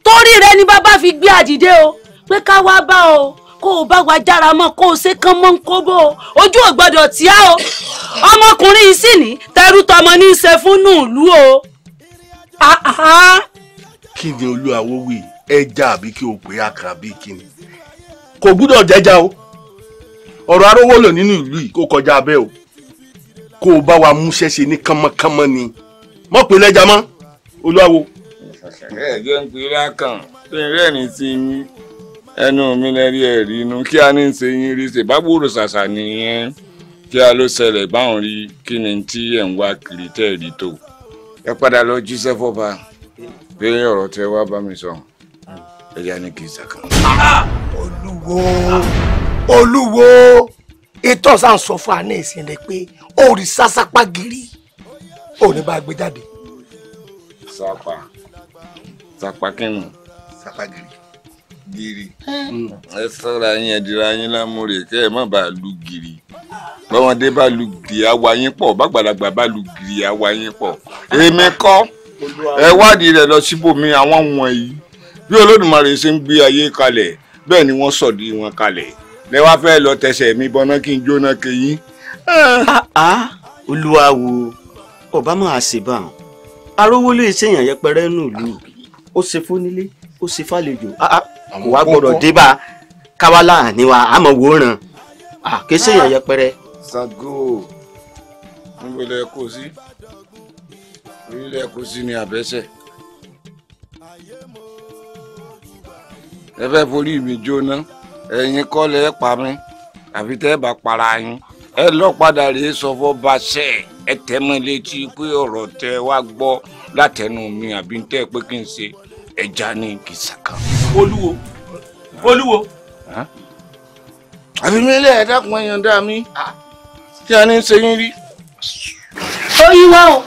torí rẹ ni bàbá fi gbé àdìdé o pé ká wá bá o kó o bá wa jára mọ́ kó o ṣe kán mọ́ ń bó o ojú ò gbọ́dọ̀ tí a o ọmọkùnrin yìí sì ní tẹrú tọmọ ní í ṣe fún nùlú o. Ah, ah, ah. kí ni olúwa wó ẹja àbí kí o pè é àkàrà bíi kí ni kò gbúdọ̀ jẹ́já o ọ̀rọ̀ arówó lò nínú ìlú yìí kó kọjá abẹ́ o kó o bá wa múṣẹ́ ṣe ní kánmọ́kánmọ́ ni mọ̀ pé lẹ́jà mọ́ olúwawo. ẹ̀jẹ̀ ń pè lákàn pé rẹ́rìn ti yín ẹnu mi lẹ́rí ẹ̀ rí inú kí a ní í ṣe yín rí ṣe bá gbòòrò ṣàṣà nìyẹn kí a ló ṣẹlẹ̀ báwọn rí kí ni tí ẹ̀ ń wá kiri tẹ́ ẹ̀ rí tó ẹ padà lọ jíṣẹ́ fọ́ba pé ọ̀rọ̀ tẹ wá bá mi sọ ẹ̀yà ni kì í ṣàkàn. olú olúwo olúwo ìtọ́ sá ń sọ fún àní ìsinle pé òrìṣà sápá gírí òní bá gbé jáde. Sapa, sapa kínú. sapa giri, giri. ẹ sọ́ra yín ẹ dira yín lámúre kẹ́ ẹ má bàa lu gírí bọ́mọdé bá lu gírí àwa yín pọ̀ bàgbàlagbà bá lu gírí àwa yín pọ̀ èmi kọ́ ẹ wádìí rẹ̀ lọ síbòmí àwọn wọ̀nyí bí Olódùmarè ṣe ń gbé ayé kalẹ̀ bẹ́ẹ̀ ni wọ́n sọ̀dí wọn kalẹ̀ lẹ wá fẹ́ lọ tẹsẹ̀ mi bọná kí n jóná kẹyìn. Ah, ah, olúwa wo ọba máa ṣèbà arówó lè ṣèyàn yẹpẹrẹ nùlù ó ṣe fónílé ó ṣe fàlejò ah, kò wá gbọ́dọ̀ débà káwálà níwà àmọ́ wòran kì í ṣèyàn yẹpẹrẹ. sago níbo lẹ kó sí orílẹ̀ kó sí ní abẹ́sẹ̀. ẹ fẹ́ forí mi jóná ẹ̀yin kọ́ lẹ pa mí àfi tẹ́ ẹ bá para yín ẹ lọ padà rèé sọ fọ́ bá ṣẹ́ ẹ tẹ́ létí pé ọ̀rọ̀ tẹ wá gbọ́ látẹnu mi àbí tẹ́ pé kí n ṣe ẹja ní kìsàkà. olúwo olúwo. àfi mi lé ẹ̀dá kan dá mi ah. kí a ní ṣe yín rí. ó yí wá o.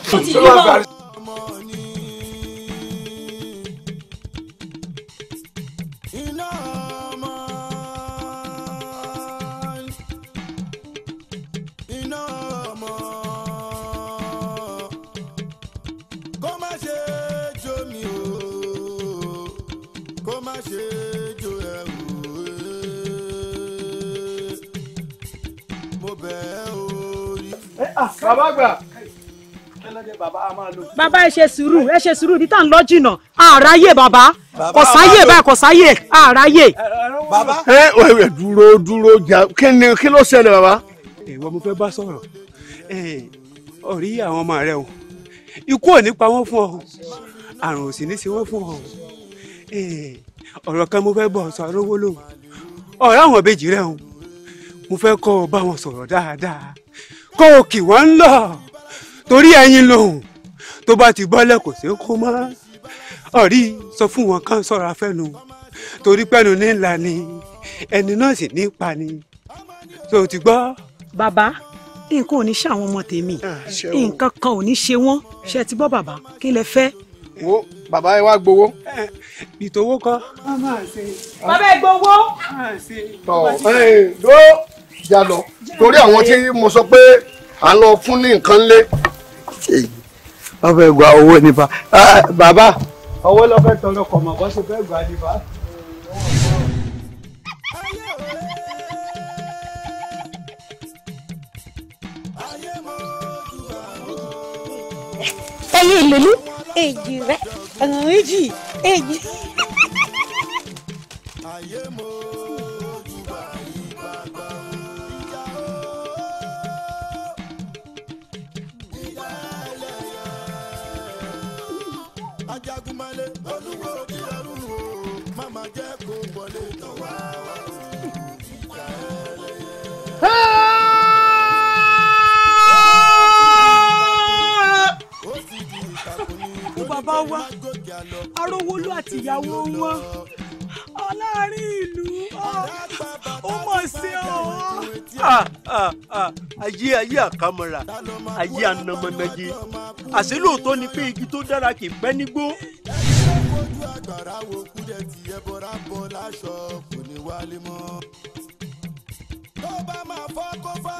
Baba, ẹ ṣe sùúrù ẹ ṣe sùúrù ibi tá à ń lọ jìnnà àráyè bàbá kò sáyè báyìí kò sáyè àráyè. bàbá ẹ ẹ dúró dúró jà kí ni kí ló ṣẹlẹ̀ bàbá. ìwọ mo fẹ́ bá sọ̀rọ̀ ọ̀rí àwọn ọmọ rẹ o ikú ò ní pa wọ́n fún ọ àrùn ò sì ní ṣe wọ́n fún ọ ọ̀rọ̀ kan mo fẹ́ bọ̀ sọ arówó lò ọ̀rọ̀ àwọn ìbejì rẹ o mo fẹ́ kọ́ ọ bá wọn sọ̀rọ̀ dáadáa kó o kì wọ́n ń lọ torí ẹyin lòun tó bá ti bọ́lẹ̀ kò ṣeé kó mọ́ ọ̀rí sọ fún wọn kán sọ̀rọ̀ afẹ́nu torí pẹ́nu ní ńlá ni ẹni náà sì ní pa ni tó ti gbọ́. bàbá nǹkan ò ní ṣe àwọn ọmọ tèmi ah, nǹkan kan ò ní ṣe wọ́n ṣe ti bọ́ bàbá kí lẹ fẹ́. wo bàbá ẹ wá gbowó. ìtòwó kan. bàbá ẹ gbowó. tọ ẹ ló jà torí àwọn tí mo sọ pé à ń lọ fún ní nǹkan lé wọ́n fẹ́ gba owó nípa ah, ah, bàbá owó ló fẹ́ tọrọ kọ̀mọ̀ bó ṣe fẹ́ gbà nípa. ayé ìlú èjì rẹ ọ̀nà méjì èjì. ayé mo olúwo ní ọrùn o màmá jẹ́ kó wọlé tán wá wá ìgbà ẹlẹ́yẹ. bàbá wa arówólú àtìyàwó wọn ọláàrin ìlú ó ah, mọ̀ sí ọ. Ah, ah, ayé ayé àkàmọ́ra ayé anamọ́nàjẹ àṣé lóòótọ́ ni pé igi tó dára kì í pẹ́ nígbó ojú àgbàrá wo kúdẹ̀ tí ẹ bọ́ra bọ́ láṣọ kò ní wálé mọ́. tó bá máa fọ́ kó fọ́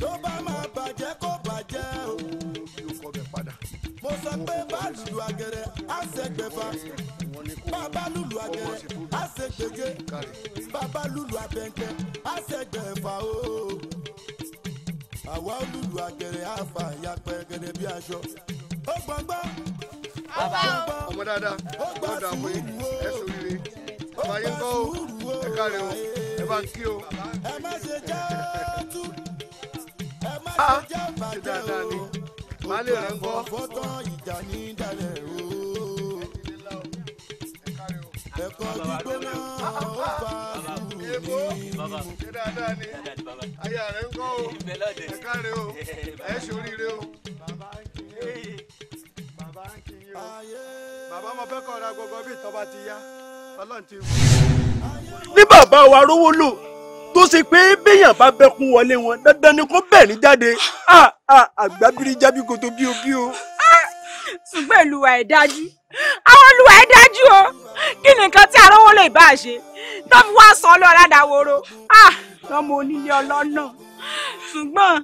tó bá máa bàjẹ́ kó bàjẹ́ o. mo sọ pé bá lùlù àgẹ̀rẹ̀ á ṣègbèfà bàbá lùlù àgẹ̀rẹ̀ á ṣègbèje bàbá lùlù àbẹ̀ǹkẹ̀ á ṣègbèfà o. àwa lùlù àgẹ̀rẹ̀ á fà ya pẹ́gẹ́dẹ́ bí aṣọ. ó gbọ́ngbọ́n ọmọ dáadáa ó dà pé ẹ sòrire bàbá yín kọ́ ó ẹ káre o ẹ bá ń kí o. a ah, ṣe dáadáa ni màá lè rẹ̀ ń kọ́. ẹ̀kọ́ gbígbóná ó fa ṣe dáadáa ni aya rẹ̀ ń kọ́ o ẹ káre o ẹ sòrire o wá ń kí yín o bàbá mo fẹ́ ní bàbá wa rówó lò tó ṣe pé béèyàn bá bẹ́kún wọlé wọn dandan ni kó bẹ̀ ní jáde àgbábírí jábí kòtò bí o bí o. ṣùgbọ́n ìlúwa ẹ̀ dájú àwọn olùwà ẹ̀ dájú o kí ni nǹkan tí arówó lè bá ṣe tó fi wá sọ ọ́ lọ́ọ́ ládàá woro lọ́mọ onílé ṣùgbọ́n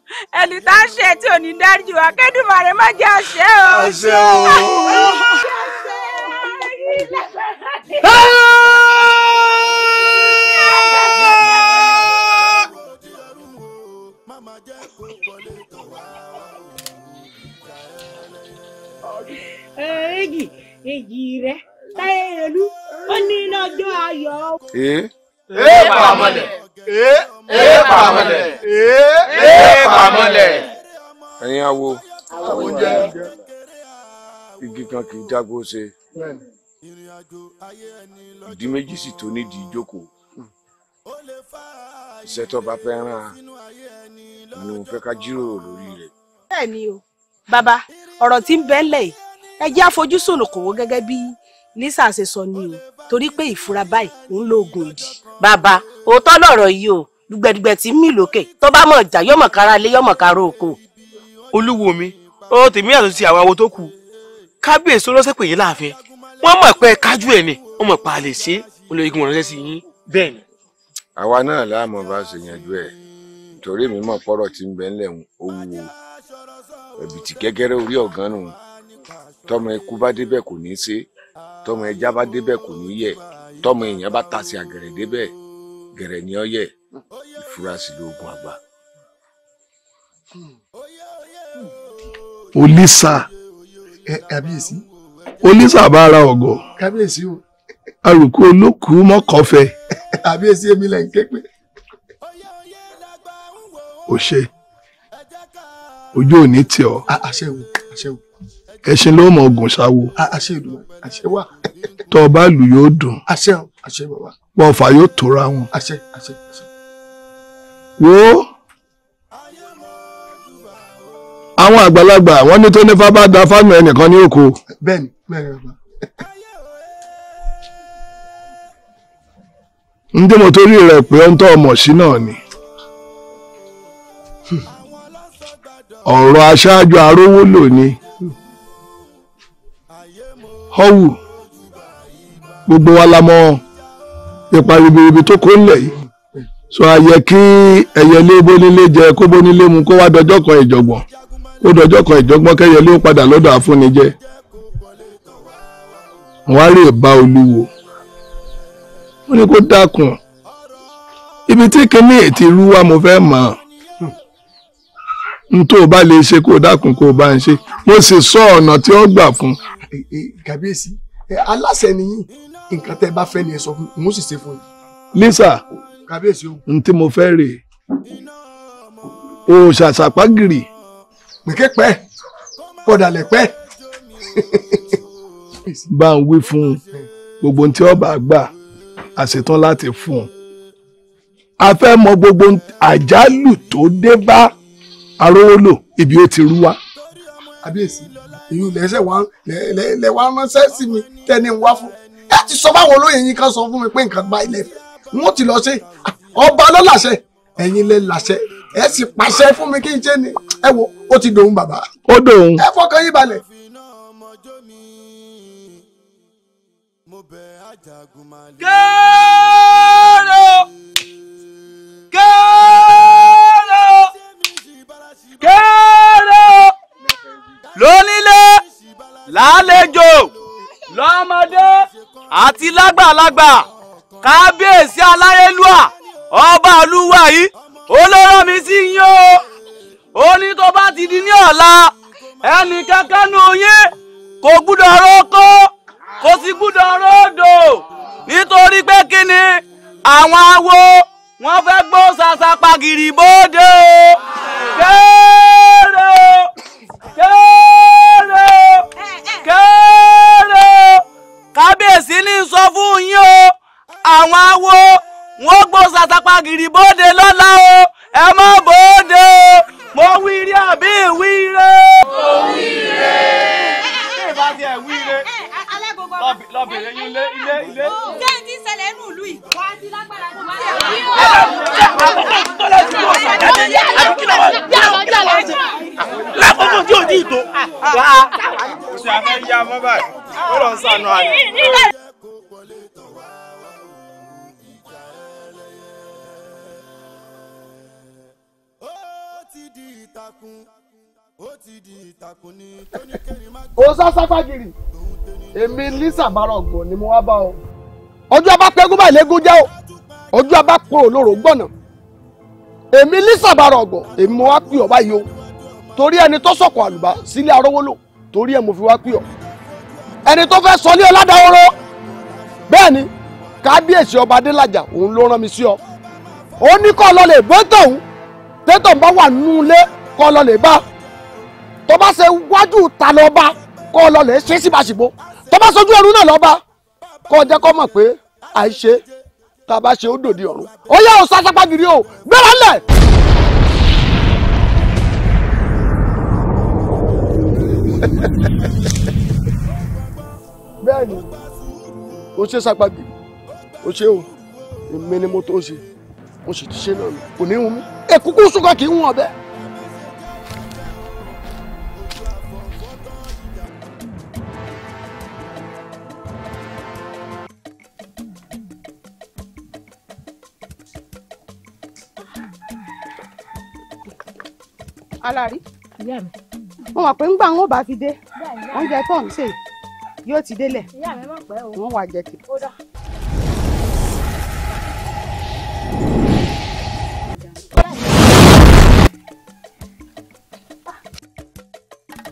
ẹni tá a ṣe tí ò ní dájú Akédùmarè má jẹ́ àṣẹ o. àṣẹ o. èjì èjì rẹ táyé ìrẹlú ó ní lọ́jọ́ ayọ̀. ẹ ẹ bàbá mọlẹ é pàmọ́lẹ̀ é pàmọ́lẹ̀. ẹ̀yin awo igi kan kì í jágbó ṣe ìdí méjì sì tó nídìí ìjókòó iṣẹ́ tó bá fẹ́ ràn án ni mo fẹ́ ká jíròrò lórí rẹ̀. bẹ́ẹ̀ o bàbá ọ̀rọ̀ tí ń bẹ́ẹ̀lẹ̀ ẹ jẹ́ àfojúsùn olókòwò gẹ́gẹ́ bí lisa ṣe sọ ni o torí pé ìfura báyìí òun lóògùn ìdí. bàbá òótọ́ lọ̀rọ̀ yìí o dùgbẹ̀dùgbẹ̀ tí mì lókè tó bá mọ̀ jà yọ̀mọ̀ kára lé yọ̀mọ̀ kára oko. olúwo mi ọ̀rọ̀ tèmi yàtọ̀ sí àwọn awo tó kù kábíyèsí ọlọ́sẹ̀ pè yín láàfin wọ́n mọ̀ pé kájú ẹ̀ ni wọ́n mọ̀ pa àlè ṣe olóyìnbó ránṣẹ́ sí yín bẹ́ẹ̀ ni. àwa náà láàmú bá ṣe yanjú ẹ torí mi mọ̀ pọ́rọ̀ tí ń bẹ ńlẹ̀ ó wúwo ẹ̀bìtì gẹ́gẹ́rẹ́ orí ọ̀gán nù tọmọ ikú bá débẹ̀ kò ní í ṣe tọmọ ẹja bá débẹ̀ kò ní í yẹ tọmọ èèyàn bá tasẹ̀ àgẹ̀rẹ̀ débẹ̀ gẹ̀rẹ̀ ni ó yẹ ìfurasí lóògùn àgbà. Hmm. olisa kábíyèsí. olisa bá ara kábíyèsí o. arùkú olókùú mọ́kànfẹ́. kábíyèsí èmi lẹ́yìn képe. o ṣe ojú ò ní tì ọ́. àṣẹ ẹṣin ló mọ ogun ṣáwo. àṣẹ ìlú àṣẹ wà. tọ́ ọ yóò dùn. àṣẹ àṣẹ bàbá. pọ̀ fà yóò tóra wọn. àṣẹ àṣẹ àṣẹ. wo àwọn àgbàlagbà wọn ní tó nífà bá da fánù ẹnìkan ní òkò. bẹ́ẹ̀ni bẹ́ẹ̀ni bàbá. mo torí rẹ̀ pé ó ń tọ́ ọmọ sí náà ni. ọ̀rọ̀ aṣáájú arówó lò ní. họ́wù gbogbo wa la mọ ipa ribiribi tó kó ń lẹ̀ yìí. so àyẹ kí ẹyẹlé bónílé jẹ kó bónílé mu kó wá dọjọ́ kan ìjọ̀gbọ̀n kó dọjọ́ kan ìjọ̀gbọ̀n kẹyẹlé ó padà lọ́dọ̀ àfúnijẹ wọ́n á rè bá olúwo wọ́n ní kó dákun ibi tí kinní ètí rú wa mo fẹ́ mọ̀ n tó o bá lè ṣe kó o dákun kó o bá ń ṣe mo sì sọ ọ̀nà tí ó gbà fún. kàbíyèsí aláṣẹ nìyí nǹkan tẹ́ bá fẹ́ ni ẹ sọ fún un mo sì ṣe fún un. lisa. Oh kábíyèsí o. n tí mo fẹ́ rèé òòṣà sàpágìrì. pèképẹ́ pọ̀dàlẹ̀ pẹ́. bá ń wí fún un gbogbo ohun tí ọba gbà á ṣetán láti fún un. a fẹ́ mọ gbogbo àjálù tó dé bá arówólò ibi ó ti rú wa. kábíyèsí èyí lẹ́sẹ̀ wá lẹ́wọ̀n ránṣẹ́ sí mi tẹ́ni wá fún ẹ ti sọ báwọn olóyè yín kan sọ fún mi pé nǹkan gba ilẹ̀ fẹ́ wọ́n ti lọ ṣe ọba ló láṣẹ ẹ̀yin lẹ láṣẹ ẹ sì pàṣẹ fún mi kí n ṣe ni ẹ wo ó ti dòun bàbá. ó dòun. ẹ fọkàn yín balẹ̀. kẹ́ẹ̀rọ kẹ́ẹ̀rọ kẹ́ẹ̀rọ lónílé lálejò lọ́mọdé àti lágbàlagbà kábíyèsí aláyélúwà ọba olúwa yìí olóró mi sí yín o ó ní tó bá ti di ní ọ̀la ẹnì kankan nù yín kò gbúdọ̀ rókó kò sì gbúdọ̀ ródò nítorí pé kí ni àwọn awo wọn fẹ́ gbó sàṣà pàgìrì bóde o kéèrè o kéèrè o kéèrè o kábíyèsí ní sọ fún yín o àwọn awo wọn gbó sasapa gidi bóde lọ́la o ẹ mọ́ bóde o mo wíire àbí ìwíire. mo wíire. ṣé ìbá ti ẹ̀ wíire. lọ́bìnrin yín ilé ilé ilé. ṣé ti ṣẹlẹ̀ nù lù yìí. wá sí lágbára ju wá. ẹ ẹ àkókò tó lọ sí ọ̀sán jáde ní àbí kí lọ́wọ́ kí lọ́wọ́ kí lọ́wọ́ sí. lákòókò tí ò ní ìtò. wá. oṣù àfẹ́ yá mọ́ báyìí ó lọ sànù àná. ó sá sáfàgìrì èmi lisa barọgbọn ni mo wá bá ọ. ọjọ́ abá pẹ́gún báyìí lẹ́gún jẹ́ o ọjọ́ abá pọ̀ olóró gbọ̀nà èmi lisa barọgbọn èmi mo wá pè ọ báyìí o torí ẹni tó sọ̀kọ̀ àlùbá sílé arówólò torí ẹ̀ mo fi wá pè ọ ẹni tó fẹ́ sọ ní ọ̀làdáwọ́rọ́ bẹ́ẹ̀ ni kábíyèsí ọba adélájà òun ló rán mi sí ọ ó ní kọ́ ọ lọ lè bọ́ tẹ́tọ̀ bá wà nínú ilé kọ́ lọ lè bá tó bá ṣe wájú ta lọ bá kọ́ lọ lè ṣe síbàṣìbò tó bá ṣojú ẹrú náà lọ bá kọ́ jẹ́ kọ́ mọ̀ pé àìṣe tá a bá ṣe ó dòde ọ̀run ó yẹ ò sásápá gidi o gbéra lẹ̀. bẹ́ẹ̀ni o ṣe sápá o ṣe o èmi ni mo tó ṣe mo sì ti ṣe náà kò ní hun mí èkúkú sùkọ́ kì í hun ọ̀bẹ. alárí mo mọ̀ pé ńgbà wọn ò bá fi dé oúnjẹ tó ń ṣe yóò ti délẹ̀ wọ́n wà jẹ́ kí.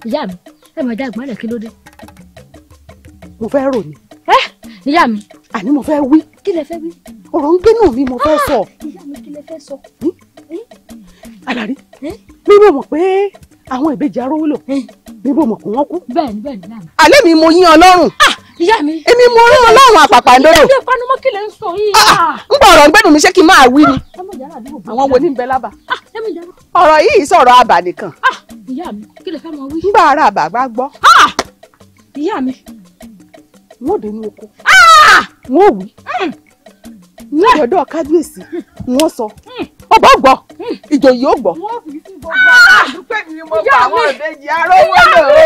ìyá mi ẹ mọ̀ dá ìgbọ́n rẹ̀ kí ló dé. mo fẹ́ rò ní. ẹ ìyá mi. àní mo fẹ́ wí. kí lẹ fẹ́ wí. ọ̀rọ̀ ń gbénú mi mo fẹ́ ah! sọ. ìyá mi kí lẹ fẹ́ sọ. àdàrí. Hm? Hm? níbo mọ̀ pé àwọn ìbejì arówó lò níbo mọ̀ pé wọ́n kú. bẹ́ẹ̀ni bẹ́ẹ̀ni náà. àlẹ́ mi mo yín ọlọ́run. ah ìyá mi. èmi mo rí ọlọ́run àpàpà ńlọ́rọ̀. ìyá mi ìpanumọ́ kí lè ń sọ yìí. Ah, ah, ń bọ̀ ọ̀rọ̀ gbẹ́nu mi ṣé kí n máa wí ni. Ah, àwọn wo ní ń bẹ lába. ọ̀rọ̀ yìí sọ̀rọ̀ àbà nìkan. ìyá mi kí lè fẹ́ mọ wí. ń bá ara àbà bá gbọ́. ìyá mi. wọ́n ọba gbọ́ ìjòyè ó gbọ́. Ah! dúpẹ́ mi mo pa àwọn ìbejì arọ́wọ́ lò ó.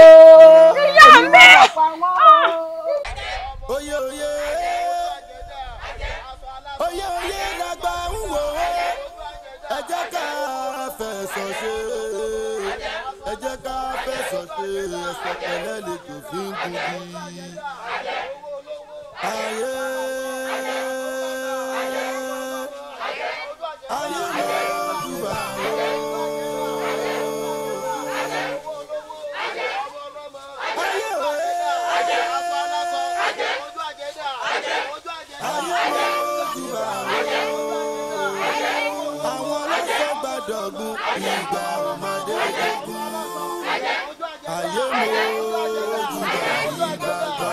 ìyá mi. Ah! oyè oyè oyè oyè lágbà ń wò ó ẹ jẹ́ ká fẹ̀sọ̀ ṣe ẹ jẹ́ ká fẹ̀sọ̀ ṣe ẹsẹ̀ pẹ̀lẹ́ lè tó fi ń dúdú. ayé. dọ̀gbun ìgbà ọmọdé dọ̀gbun ayé mo jù ìgbà gbà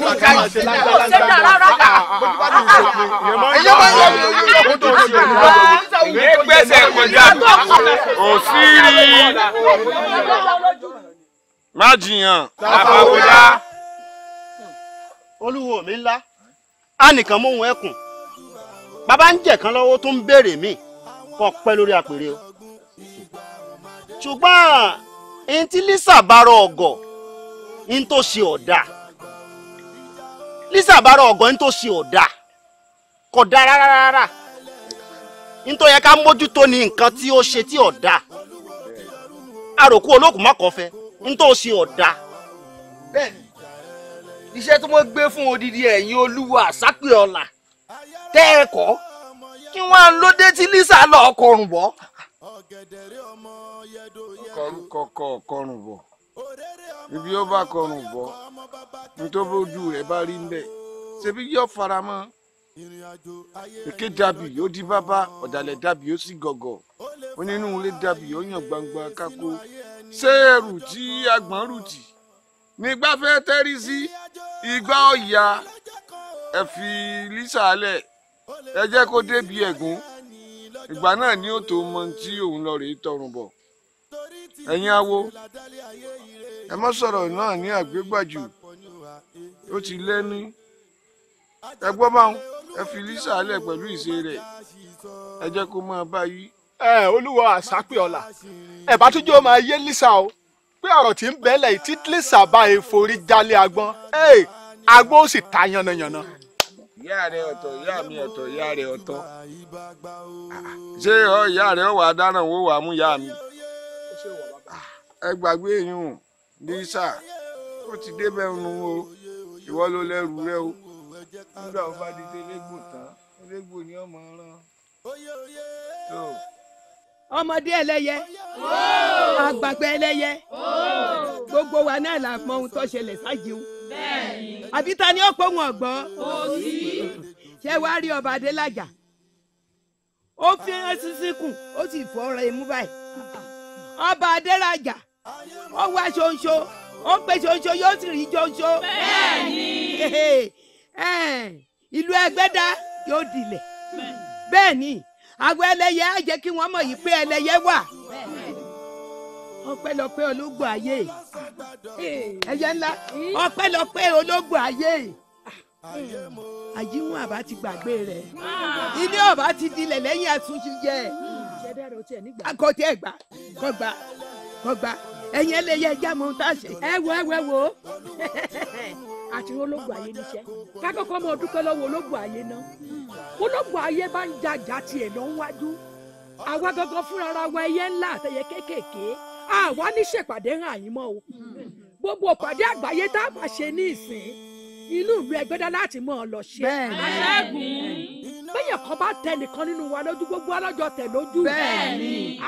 mi ka yìí mi ò ṣe dà rárá kà. Ah, ah, ah, ẹyẹ máa ń olúwo mi ńlá a nìkan mú òun ẹkùn bàbá ń jẹ̀kan lọ́wọ́ tó ń béèrè mi kọ́ pẹ́ lórí àpèrè o ṣùgbọ́n ẹni tí lisa bá rọ ọ̀gọ̀ ẹni tó ṣe ọ̀dà. Lisa bára ọ̀gọ́ ní tó ṣe ọ̀dà kò dáa rárá rárá nítorí yẹ ká mójútó ni nǹkan tí ó ṣe tí ọ̀dà àròkù olókùn mọ́kànfẹ́ ní tó ṣe ọ̀dà. bẹ́ẹ̀ni iṣẹ́ tí wọ́n gbé fún odidi ẹ̀yin olúwa àsápè ọ̀la tẹ́ ẹ kọ́ kí wọ́n á lóde tí Lisa lọ ọkọrùn bọ́. kọrùn kọkọ ọkọrùn bọ ibi ó bá kọrùn bọ nítorí ojú rẹ̀ bá rí nbẹ̀ ṣebí yóò fara mọ́ èké dàbí ó di bàbá ọ̀dàlẹ̀ dàbí ó sì gọ̀gọ̀ onínúure dàbí ó yàn gbangba kákó ṣé ẹrù tí agbọ̀n rù tì nígbà fẹ́ tẹ́rí sí igbá ọ̀yà ẹ fi lísàálẹ̀ ẹ jẹ́ kó débi ẹ̀gún ìgbà náà ni ó tó mọ tí òun lọ rèé tọrùn bọ̀ ẹ̀yin awo ẹ má sọ̀rọ̀ náà ní àgbégbàjù ó ti lẹ́ní ẹ gbọ́ báwọn ẹ fi lisa alẹ̀ pẹ̀lú ìṣe rẹ̀ ẹ jẹ́ kó máa bá yí. ẹ olúwa àṣàpè ọ̀la ẹ bá tún jẹ́ máa yé lisa o pé ọ̀rọ̀ tí ń bẹ́lẹ̀ tí lisa bá e forí jálé agbọ́n agbọ́n ó sì ta yànnàyànnà. ìyá rẹ ọ̀tọ̀ ìyá mi ọ̀tọ̀ ìyá rẹ ọ̀tọ̀ ṣé ìyá rẹ wà dáná wo wà mú ìyá mi ah, ẹ gbàgbé yín lisa ó ti débẹ̀ nu o ìwọ ló lẹ́rù rẹ o nígbà ó bá di dé elégbò tán elégbò ni ọmọ rán tó. ọmọdé ẹlẹ́yẹ àgbàgbà ẹlẹ́yẹ gbogbo wa náà là mọ ohun tó ṣẹlẹ̀ sájìun àbí ta ni ó pé wọn gbọ́ ṣé wàá rí ọba adélájà ó fi hàn sísí kù ó sì fọ́ ọ̀rọ̀ imú báyìí ọba adélájà ó wá ṣoṣo ó ń pè ṣoṣo yóò sì rí ṣoṣo. bẹ́ẹ̀ni. ìlú ẹgbẹ́dá yóò dilẹ̀ bẹ́ẹ̀ni àgọ́ ẹlẹ́yẹ á jẹ́ kí wọ́n mọ̀ yìí pé ẹlẹ́yẹ wà ọpẹ́lọpẹ́ ológbò ayé ẹyẹ ńlá ọpẹ́lọpẹ́ ológbò ayé àyíwọ̀n àbá ti gbàgbé rẹ̀ ilé ọba ti dilẹ̀ lẹ́yìn àtúnṣe jẹ́ àkọ́tẹ́ ẹ̀gbá kọ́gbá kọ́gbá. ẹ̀yin ẹ lè yẹ ẹja mọ ohun tá a ṣe. ẹ wo ẹ wo ẹ wo àti ológun ayé níṣẹ́ kákọ́kọ́ ọmọ dúpẹ́ ológun ayé náà ológun ayé bá ń ti tiẹ̀ lọ wájú àwa gangan fúnra ara wa ẹyẹ ńlá àtẹyẹ kéékèèké àwa hàn o gbogbo àgbáyé tá a bá ṣe ní ìsìn inú bẹ́yẹn kan bá tẹ nìkan nínú wa lójú gbogbo alájọ tẹ lójú. bẹ́ẹ̀ni.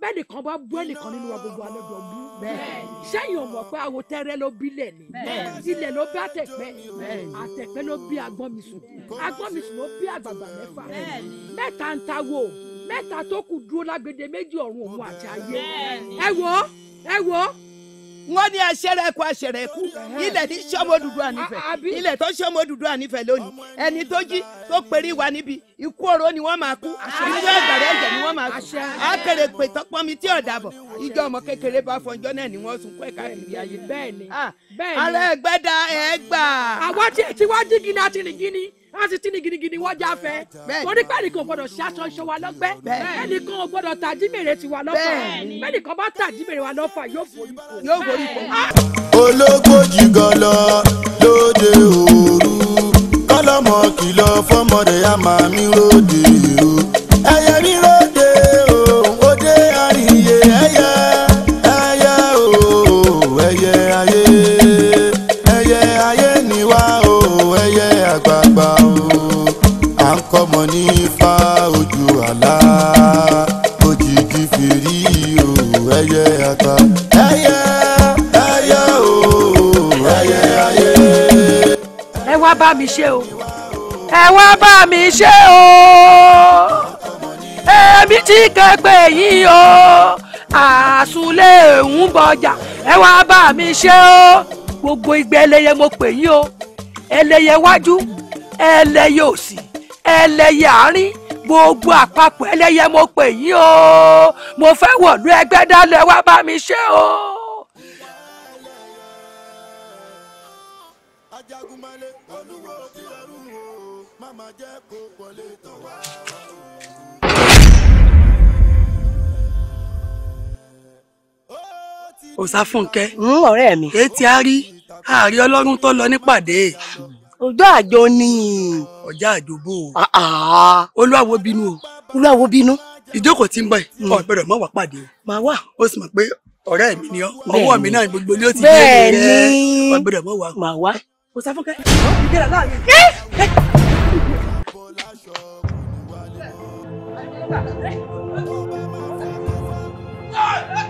bẹ́ẹ̀ nìkan bá bú ẹnìkan nínú wa gbogbo alájọ bú. bẹ́ẹ̀ni. sẹ́yìn ọ̀mọ̀ pé àwo tẹ́rẹ́ ló bílẹ̀ ni. bẹ́ẹ̀ni. ilẹ̀ ló bí àtẹ̀pẹ́. bẹ́ẹ̀ni. àtẹ̀pẹ́ ló bí agbọ́nmisùn. agbọ́nmisùn ló bí àgbàgbà mẹ́fà. bẹ́ẹ̀ni. mẹ́ta ń ta wo mẹ́ta tó kù dúró lágbede méjì ọ̀run òun àti ayé. bẹ́ẹ̀ni. ẹ wo ẹ wo wọ́n ní aṣẹ́rẹ́kù aṣẹ́rẹ́kù ilẹ̀ tí sọ́mọ́ dúdú ànífẹ́ ilẹ̀ tó sọ́mọ́ dúdú ànífẹ́ lónìí ẹni tó jí tó péré wa níbi ikú oró ni wọ́n máa kú irú ẹ̀gbẹ̀rẹ̀ ẹ̀jẹ̀ ni wọ́n máa kú akéré pè tọpọnmi tí ọ̀dà bọ̀ ìjọ ọmọ kékeré bá fọjọ́ náà ni wọ́n sùn kú ẹ̀ka kiri ayé. bẹ́ẹ̀ni ah, bẹ́ẹ̀ni ara ẹgbẹ́ da ẹgbàá. àwọn tí wọ́n jí gíní àti rìn gíní wọ́n ti tí ni gidigidi wọ́n já fẹ́ torí pé ẹnìkan ò gbọ́dọ̀ ṣe aṣọ iṣan wa lọ́gbẹ́ ẹnìkan ò gbọ́dọ̀ tàjí mèrè tiwa lọ́fà ẹnìkan bá tàjí mèrè wa lọ́fà yóò forí kò. Ah! ológbòjì gọlọ lóde òru kọlọmọ kìlọ̀ fọmọdé àmàmí lóde òru. kọ́mọ ní fa ojú àlá òjijì fèrè o ẹyẹ ata. ẹyẹ ẹyẹ o ẹyẹ ayé. ẹ wá bá mi ṣe o ẹ wá bá mi ṣe o èmi tí kẹ́gbẹ́ yìí o àsùnlé ń bọjà ẹ wá bá mi ṣe o gbogbo igbe ẹlẹ́yẹ mo pè yín o ẹlẹ́yẹ wájú ẹlẹ́yẹ òsì ẹlẹ́yẹ àárín gbogbo àpapọ̀ ẹlẹ́yẹ mo pè yín o mo fẹ́ wọ̀lú Ẹgbẹ́dá lẹ wá bá mi ṣe o. òsàfúnkẹ́ hmm, ọ̀rẹ́ mi ètí a rí ààrẹ ọlọ́run tó lọ nípàdé ọjọ́ àjọ ni. ọjà àjò bò ó. Ah, ah. olúwawo bínú o. olúwawo bínú. ìjókòó tí ń bọ̀ yìí hmm. ọ̀ gbọ́dọ̀ má wà pàdé o. má wà. ó sì mọ̀ pé ọ̀rẹ́ mi ni ọ́ ọwọ́ mi náà gbogbo ni ó ti dé rẹ̀ ọ̀ gbọ́dọ̀ má wà. má wà. kò sá fúnkẹ́. Ah!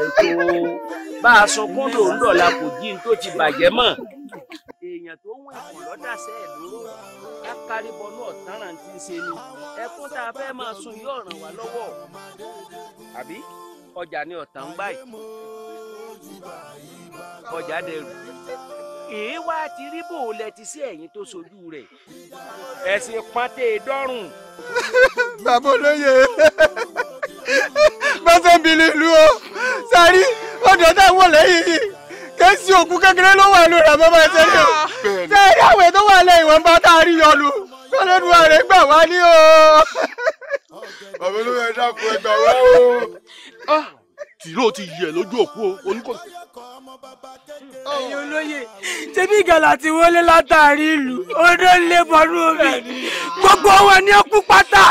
tó bá a sunkún lòún dọ̀la kò jí n tó ti bàjẹ́ mọ́. èèyàn tó ń wọ ìkùn lọ́dàṣẹ́ ẹ̀ lóró kákárí bọnú ọ̀tánrà ti ń ṣe ni ẹkún tá a fẹ́ máa sun yóò ràn wá lọ́wọ́ àbí ọjà ni ọ̀tàn ń báyìí ọjà dẹrù èé wá ti rí bò lẹ ti sí ẹ̀yìn tó sojú rẹ̀ ẹ̀sìn pátẹ́ dọ́rùn. bàbá olóye bá sẹ́bi nílùú o. ta rí ọ̀dọ̀ tá a wọ̀ lẹ́yìn yìí kẹ́sì òkú kékeré ló wà lóra bàbá ẹsẹ̀ rí o tẹ ìyáwó tó wà lẹ́yìn wọn bá tá a rí yọlu kọ́lẹ́dùn ààrẹ gbà wá ní o. bàbá olóyè dákun ẹ gbà wá o. Ah, tìró ti yẹ lójú òkú o oníkó. ẹ̀yin olóyè tẹ́bí ìgàlà ti wọlé látàrí ìlú odò lè bọ́nú omi gbogbo wọn ni ó kú pátá.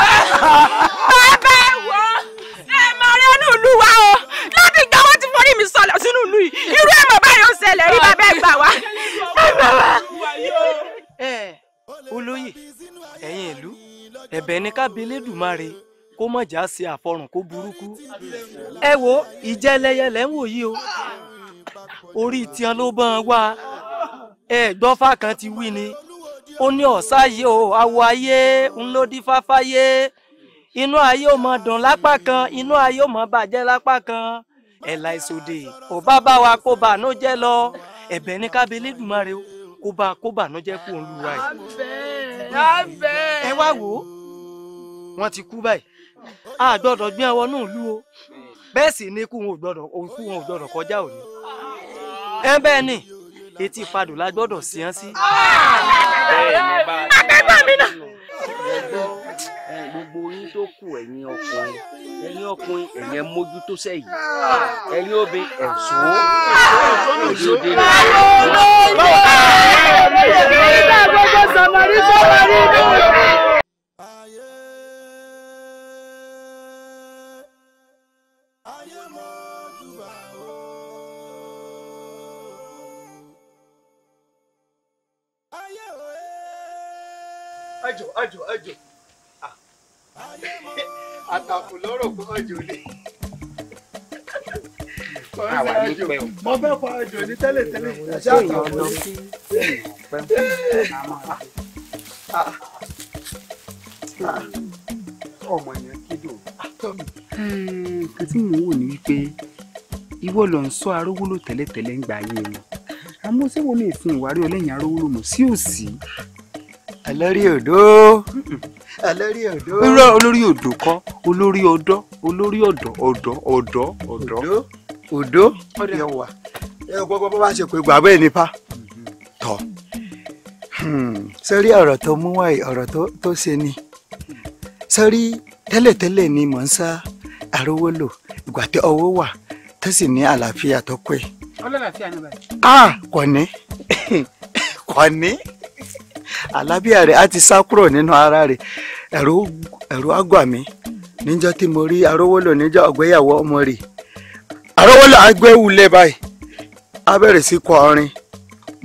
bàbá ẹ wọ ẹ mọ rẹ nùlù wa o láti mi sọlọ sínú ìlú yìí irú ẹ̀ mọ̀ báyìí ó ṣẹlẹ̀ rí bàbá ẹ̀ gbà wá. olóyè ẹ̀yin ìlú ẹ̀bẹ̀ ni kábílédùmarè kó má já sí àfọrùn kó burúkú ẹ wo ìjẹlẹyẹlẹ ń wò yìí o orí tiẹn ló bọ́n wá ẹ gbọ́fà kan ti wí ni ó ní ọ̀sá yìí o awọ ayé ńlódì fáfáyé inú ayé ò mọ dùn lápá kan inú ayé ò mọ bàjẹ́ lápá kan ẹ̀la ìsòdè ò bá wa kó bànújẹ́ lọ ẹ̀bẹ̀ ní kábílẹ̀ dùmarè o kó bá kó bànújẹ́ kó ń lu wa yìí. ẹ wá wò ó wọ́n ti kú báyìí a gbọ́dọ̀ gbé ẹwọ náà lú o bẹ́ẹ̀ sì ni ikú wọn ò gbọ́dọ̀ òkú wọn ò gbọ́dọ̀ kọjá òní. ẹ bẹ́ẹ̀ ni etí ìpadò la gbọ́dọ̀ sí ẹ́ sí. àbẹ̀gbọ́n mi náà gbogbo yín tó kù ẹ̀yin ọkùnrin ẹ̀yin ọkùnrin ẹ̀yin mójútó sẹ́yìn ẹ̀yin obìn ẹ̀sùn òye òde rẹ̀. Ajo, ajo, ajo àtàkùn lọ́rọ̀ kó ọjọ́ lè. àwa ní pẹ́ o. mo fẹ́ pa ọjọ́ ní tẹ́lẹ̀ tẹ́lẹ̀ ṣáà kàn wọlé. ọmọ yẹn kídò. Hmm, nǹkan tí mò ń wò ni wípé ìwọ ló ń sọ arówólò tẹ́lẹ̀tẹ́lẹ̀ ń gbà ayé wọn àmọ́ ṣé wo lè fi ìwárí ọlẹ́yìn arówólò mọ̀ sí òsì. ẹlẹ́rìí òdo. Mm-mm olórí odò. irọ́ olórí odò kọ́ olórí ọ̀dọ́ olórí ọ̀dọ́ ọ̀dọ́ ọ̀dọ́ ọ̀dọ́. odò odò yẹ wà ẹ gbọ́ bá ṣe pé gbà bẹ́ẹ̀ nípa tọ̀ hmm. sórí ọ̀rọ̀ tó mú wáyé ọ̀rọ̀ tó ṣe ni sórí tẹ́lẹ̀tẹ́lẹ̀ ni mò ń sá arówó lò ìgbà tí owó wà tó sì ní àlàáfíà tó pé. ọlọ́làfíà ni báyìí. a ah, kò ní kò ní. àlábíà rẹ̀ á ti sá kúrò nínú ara re ẹ̀rù ẹ̀rù á gbà mí tí mo rí arówólò níjọ́ ọ̀gbéyàwó ọmọ rẹ̀ arówólò báyìí sí kọ orin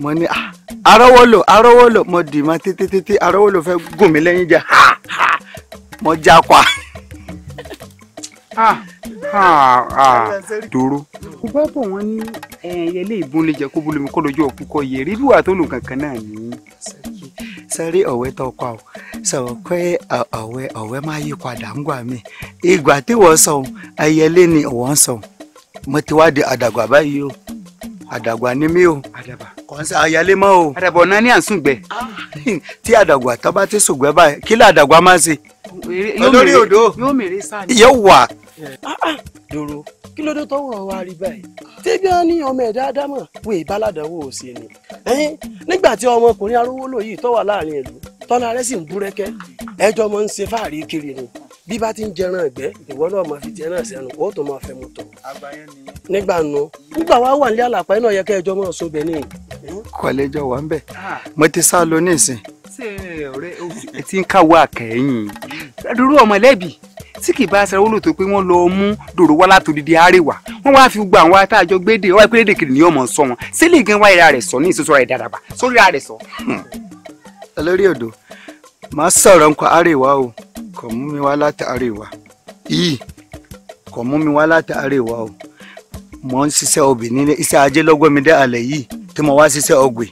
mo ní ah, arówólò arówólò mo dì má títí arówólò gùn mí ha ha mo já pa. tòró mo bá bọ̀ ní ẹyẹlé ìbọn lè jẹ́ kó lójú kọ sẹ́rí ọ̀wẹ́ tó pa ọ́ sọ̀rọ̀ pé ọ̀wẹ́ ọ̀wẹ́ máa yí padà ń gbà mí ìgbà tí wọ́n sọ ẹyẹlé ni wọ́n sọ mo ti wá di àdàgbà báyìí o àdàgbà ni mí o kò ń sọ ayẹlé mọ́ o. àdàgbà ọ̀nà ni à ń sùngbẹ́. Ah, tí àdàgbà tó bá ti sùngbẹ́ báyìí kí lè àdàgbà máa ṣe. olórí odò yóò wà. Ah, ah. dúró kí ló dé tọrọ wa rí báyìí á ní ọmọ ẹ̀dá ni nígbà tí ọmọkùnrin yìí wà láàrin ìlú tọ́lá sì ń búrẹ́kẹ́ ẹjọ́ ń ṣe fáàrí kiri ni bí bá ti ń jẹran ẹgbẹ ìwọ náà máa fi jẹ náà sẹnu ní àlàpà iná yẹ kẹjọ máa so bẹ ní. ń ah. mo ti sá lọ nísìn. ṣé ń tí kì í bá aṣọ olóòótọ́ pé wọ́n lọ mú dòrò wá látòdìdí àríwá wọ́n wá fi gbọ́ àwọn atájọ gbédè ọwọ́ ìpínlẹ̀ èdè kiri ni ọmọ sọ wọn ṣé lè gan wá ìra rẹ̀ sọ ní ìsọsọ rẹ̀ dàdàbà sórí ara rẹ̀ sọ. olórí hmm. odò màá sọ̀rọ̀ nǹkan àríwá o kò mú mi wá láti àríwá yìí kò mú mi wá láti àríwá o mò ń ṣiṣẹ́ obì nílé iṣẹ́ ajé lọ́gbọ́n mi dé àlẹ́ yìí tí mo wá ṣiṣẹ́ ọ̀gbìn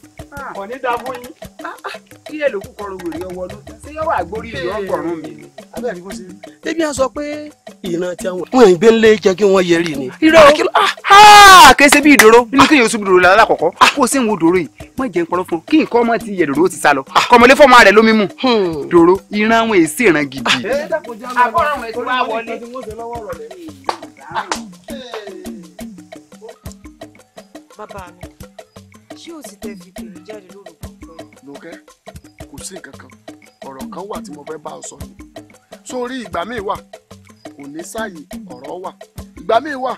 ọ̀ní ah. da fún yín ah, ah. kí ẹ lòkù kọrọ wèrè ọwọ́ ló ṣé yọ wà gbórí ìlú ọgbọ̀rún mi ebi a sọ pé ìran tí àwọn. wọn ò gbé ńlẹ jẹ kí wọn yẹrí ni. irọ́ kẹsẹ́ bí ìdòró inú kéèyàn sùn dòró lálákọ̀ọ́kọ́ kó o sì ń wo dòró yìí má jẹ́ nǹkan fún kí nǹkan ọmọ ti yẹ dòró ti sá lọ kọmọlé fọmọ rẹ lómi mu hmm. dòró ìran àwọn èsì ìran gidi. Eh, bàbá mi ṣé o sì tẹ fi pè mí jáde lóru kankan. lókẹ́ kò sí nǹkan kan ọ̀rọ̀ kan wà tí mo fẹ́ bá ọ sọ ni sórí ìgbà míì wà kò ní sáàyè ọ̀rọ̀ wà ìgbà míì wà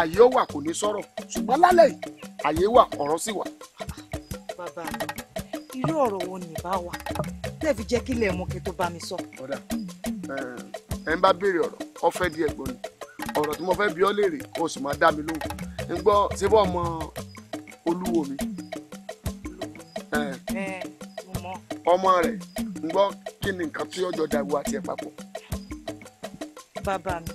àyè ó wà kò ní sọ̀rọ̀ ṣùgbọ́n lálẹ́ yìí àyè wà ọ̀rọ̀ sì wà. bàbá irú ọ̀rọ̀ wo ni bá wà tẹ́ẹ̀fì jẹ́ kílẹ̀ mọ́kẹ́ tó bá mi sọ. ọ̀dà ẹ̀ ń bá béèrè ọ̀rọ̀ ọ fẹ́ di ẹ̀gbọ́n ni ọ̀rọ̀ tí mo fẹ́ bi ọ́ léèrè kó o sì máa dá mi lóhùn ń gbọ́ ṣé bọ́ ọmọ olúwo mi ọmọ rẹ̀ ń gbọ́ kí ni nǹkan tí ọjọ́ dàgbò àti ẹ̀ papọ̀. bàbá mi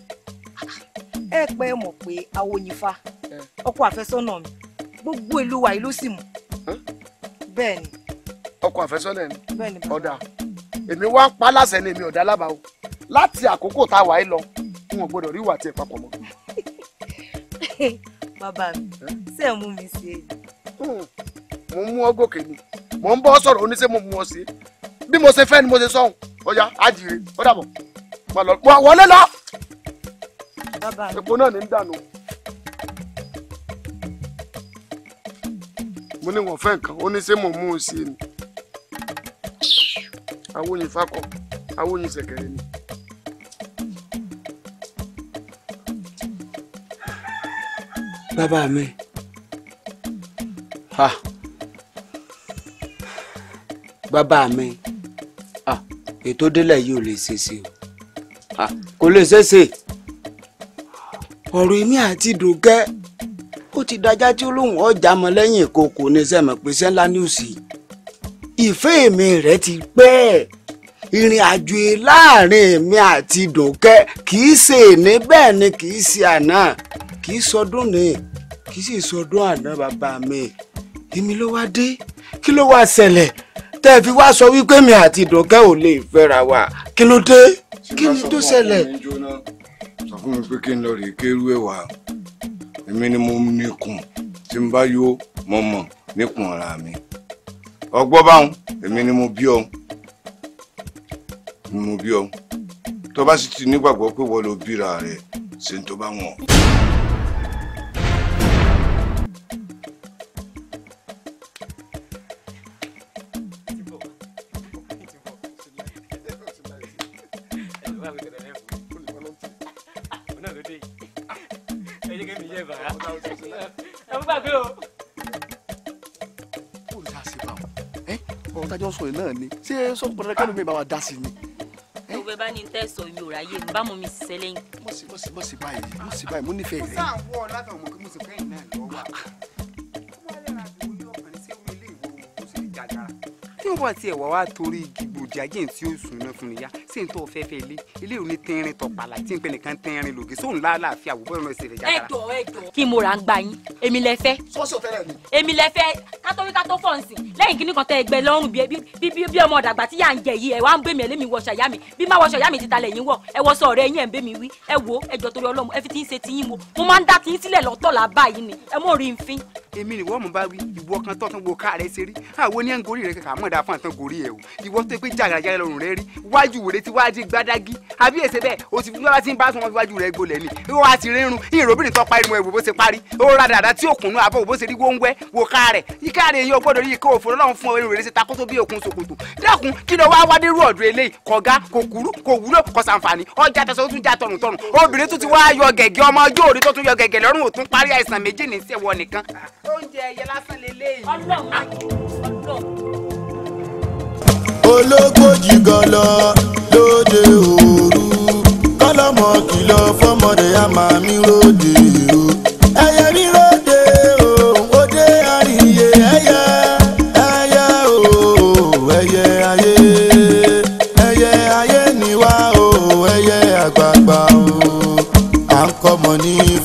ẹ pẹ́ mọ̀ pé awonyifa ọkọ àfẹ́sọ́nà mi gbogbo ìlú wa ìlú sì mọ̀ bẹ́ẹ̀ ni. ọkọ àfẹ́sọ́nà ni ọ̀dà èmi wá pa láṣẹ ni èmi ọ̀dà alábàá láti àkókò tá a wà á lọ n ò gbọdọ̀ rí ìwà àti ẹ̀ papọ̀ mọ́. bàbá mi ṣé mú mi ṣe é Hmm. mo mú ọ ni mo ń bọ́ sọ̀rọ̀ oníṣẹ́ mo mú ọ sí bí mo ṣe fẹ́ ni mo ṣe sọ̀hún ọ̀yà àjèrè ó dàbọ̀ mà lọ wà wọlé lọ. epo náà ní ń dànù. mo ní wọn fẹ́ nǹkan oníṣẹ́ mo mú ọ sí ni awóyin fakọ awóyin sẹ̀kẹ̀rẹ̀ ni. bàbá mi bàbá mi ètò délẹ̀ yìí ò lè ṣeéṣe o kò lè ṣeéṣe ọ̀rọ̀ èmi àti dùnkẹ́ ó ti dájá tí olóhùn ọjà mọ lẹ́yìn ìkòkò ní sẹ́mi pèsè ńlá níwùsì ìfẹ́ èmi rẹ̀ ti pẹ́ ìrìn àjò láàrin èmi àti dùnkẹ́ kì í ṣe èní bẹ́ẹ̀ ni kì í ṣe àná kì í sọdún ni kì í sì sọdún àná mi èmi ló wá dé kí ló wá ṣẹlẹ̀ tẹ́ ẹ fi wá sọ wípé mi àti ìdọ̀kẹ́ ò lè fẹ́ra wa kí ló dé kí ni tó ṣẹlẹ̀. sọ fún mi pé kí n lọ rèé kérú ẹ̀wà èmi ni mo níkùn tí n bá yó mọ̀ mọ̀ níkùn ara mi ọgbọ́n báwọn èmi ni mo bí ọ ni mo bí ọ tó bá sì ti nígbàgbọ́ pé wọ́n ló bíra rẹ̀ ṣe ń tó bá wọn. náà ló tẹ̀lé lẹ́fù òun náà ló dé ẹ jẹ́ kí mi yẹ bàrà ẹ mú gbàgbé o. kó o lè ṣàṣe bá wọn ẹ ọ̀rọ̀ tájọ́ sọ yìí náà ni ṣé sọ́kùn pọ̀nrẹ́ kánú mi bá wa dá sí ni. tó bẹ bá ní tẹ́ sọ mi ò ráyè mi bá mú mi ṣiṣẹ́ lẹ́yìn. mo sì mo sì mo sì báyìí mo sì báyìí mo nífẹ̀ẹ́ rẹ̀. sáà wọ látàwọn ọmọ kí mo sì fẹ́ ìná lọ́wọ́ tí wọ́n tiẹ̀ wá wá torí gbogbo jàjẹ́ tí ó sùn náà fún mi yá sí ní tó fẹ́ fẹ́ ilé ilé òní tẹ́rin tọ̀pàlà tí n pe nìkan tẹ́rin lògì sóun láàláàfin àwòbọ̀ ọ̀nà ìṣẹ̀lẹ̀ jákàrà. ẹjọ ẹjọ kí mo ra ń gba yín èmi lẹ fẹ́. sọ́sì ò fẹ́rẹ̀ mi. èmi lẹ fẹ́ kátórí kátó fọ̀nsì lẹ́yìn kíní kan tẹ ẹgbẹ́ lọ́rùn bí bí ọmọ ọ̀dàgbà tí yà ń jẹ yìí ẹ wá ń bẹ̀ mí ẹ lémi wọ ṣàyà mi bí má wọ ṣàyà mi ti talẹ̀ yín wọ ẹ wọ sọ ọ̀rẹ́ yín ẹ̀ ń bẹ̀ mí wí ẹ wo ẹjọ torí ọlọ́mọ ẹ fi ti ń ṣe tiyín mo mo máa ń dá tiyín sílẹ̀ lọ́tọ̀ làbá yìí ni ẹ mọ̀ rí nfin. èmi ni wọ́n mú bá wí bu ọkàn tán tán wo ká rẹ ṣe rí àwọn oníyàn gorí rẹ kàkà mọ̀dá fún àtàn gorí ẹ̀ o ìwọ tó pé jàgàjàgà lọ́rùn rẹ rí wájú wèrè tí wájú gbadági àbí èsè bẹ́ẹ̀ o ti fún bá ti ń bá sọ wọn wájú rẹ gbolẹ̀ ni ó wá ti rírun ìròbìnrin tó parí mu ẹ̀ bó ṣe parí ó ra dàda tí òkùnú àbọ̀ bó ṣe rí wóńgbẹ́ wò ká rẹ̀ yíká rẹ̀ ọgbọ́dọ̀ yìí kó òfò oúnjẹ ẹyẹ lásán lè ológójì gọlọ lóde òru kọlọmọ kìlọ̀ fọmọdé àmà mi ròde o ẹyẹ mi ròde o òde àríyé ẹyẹ ẹyẹ o ẹyẹ ayé ẹyẹ ayé niwa o ẹyẹ àgbààgbà o à ń kọmọ ní.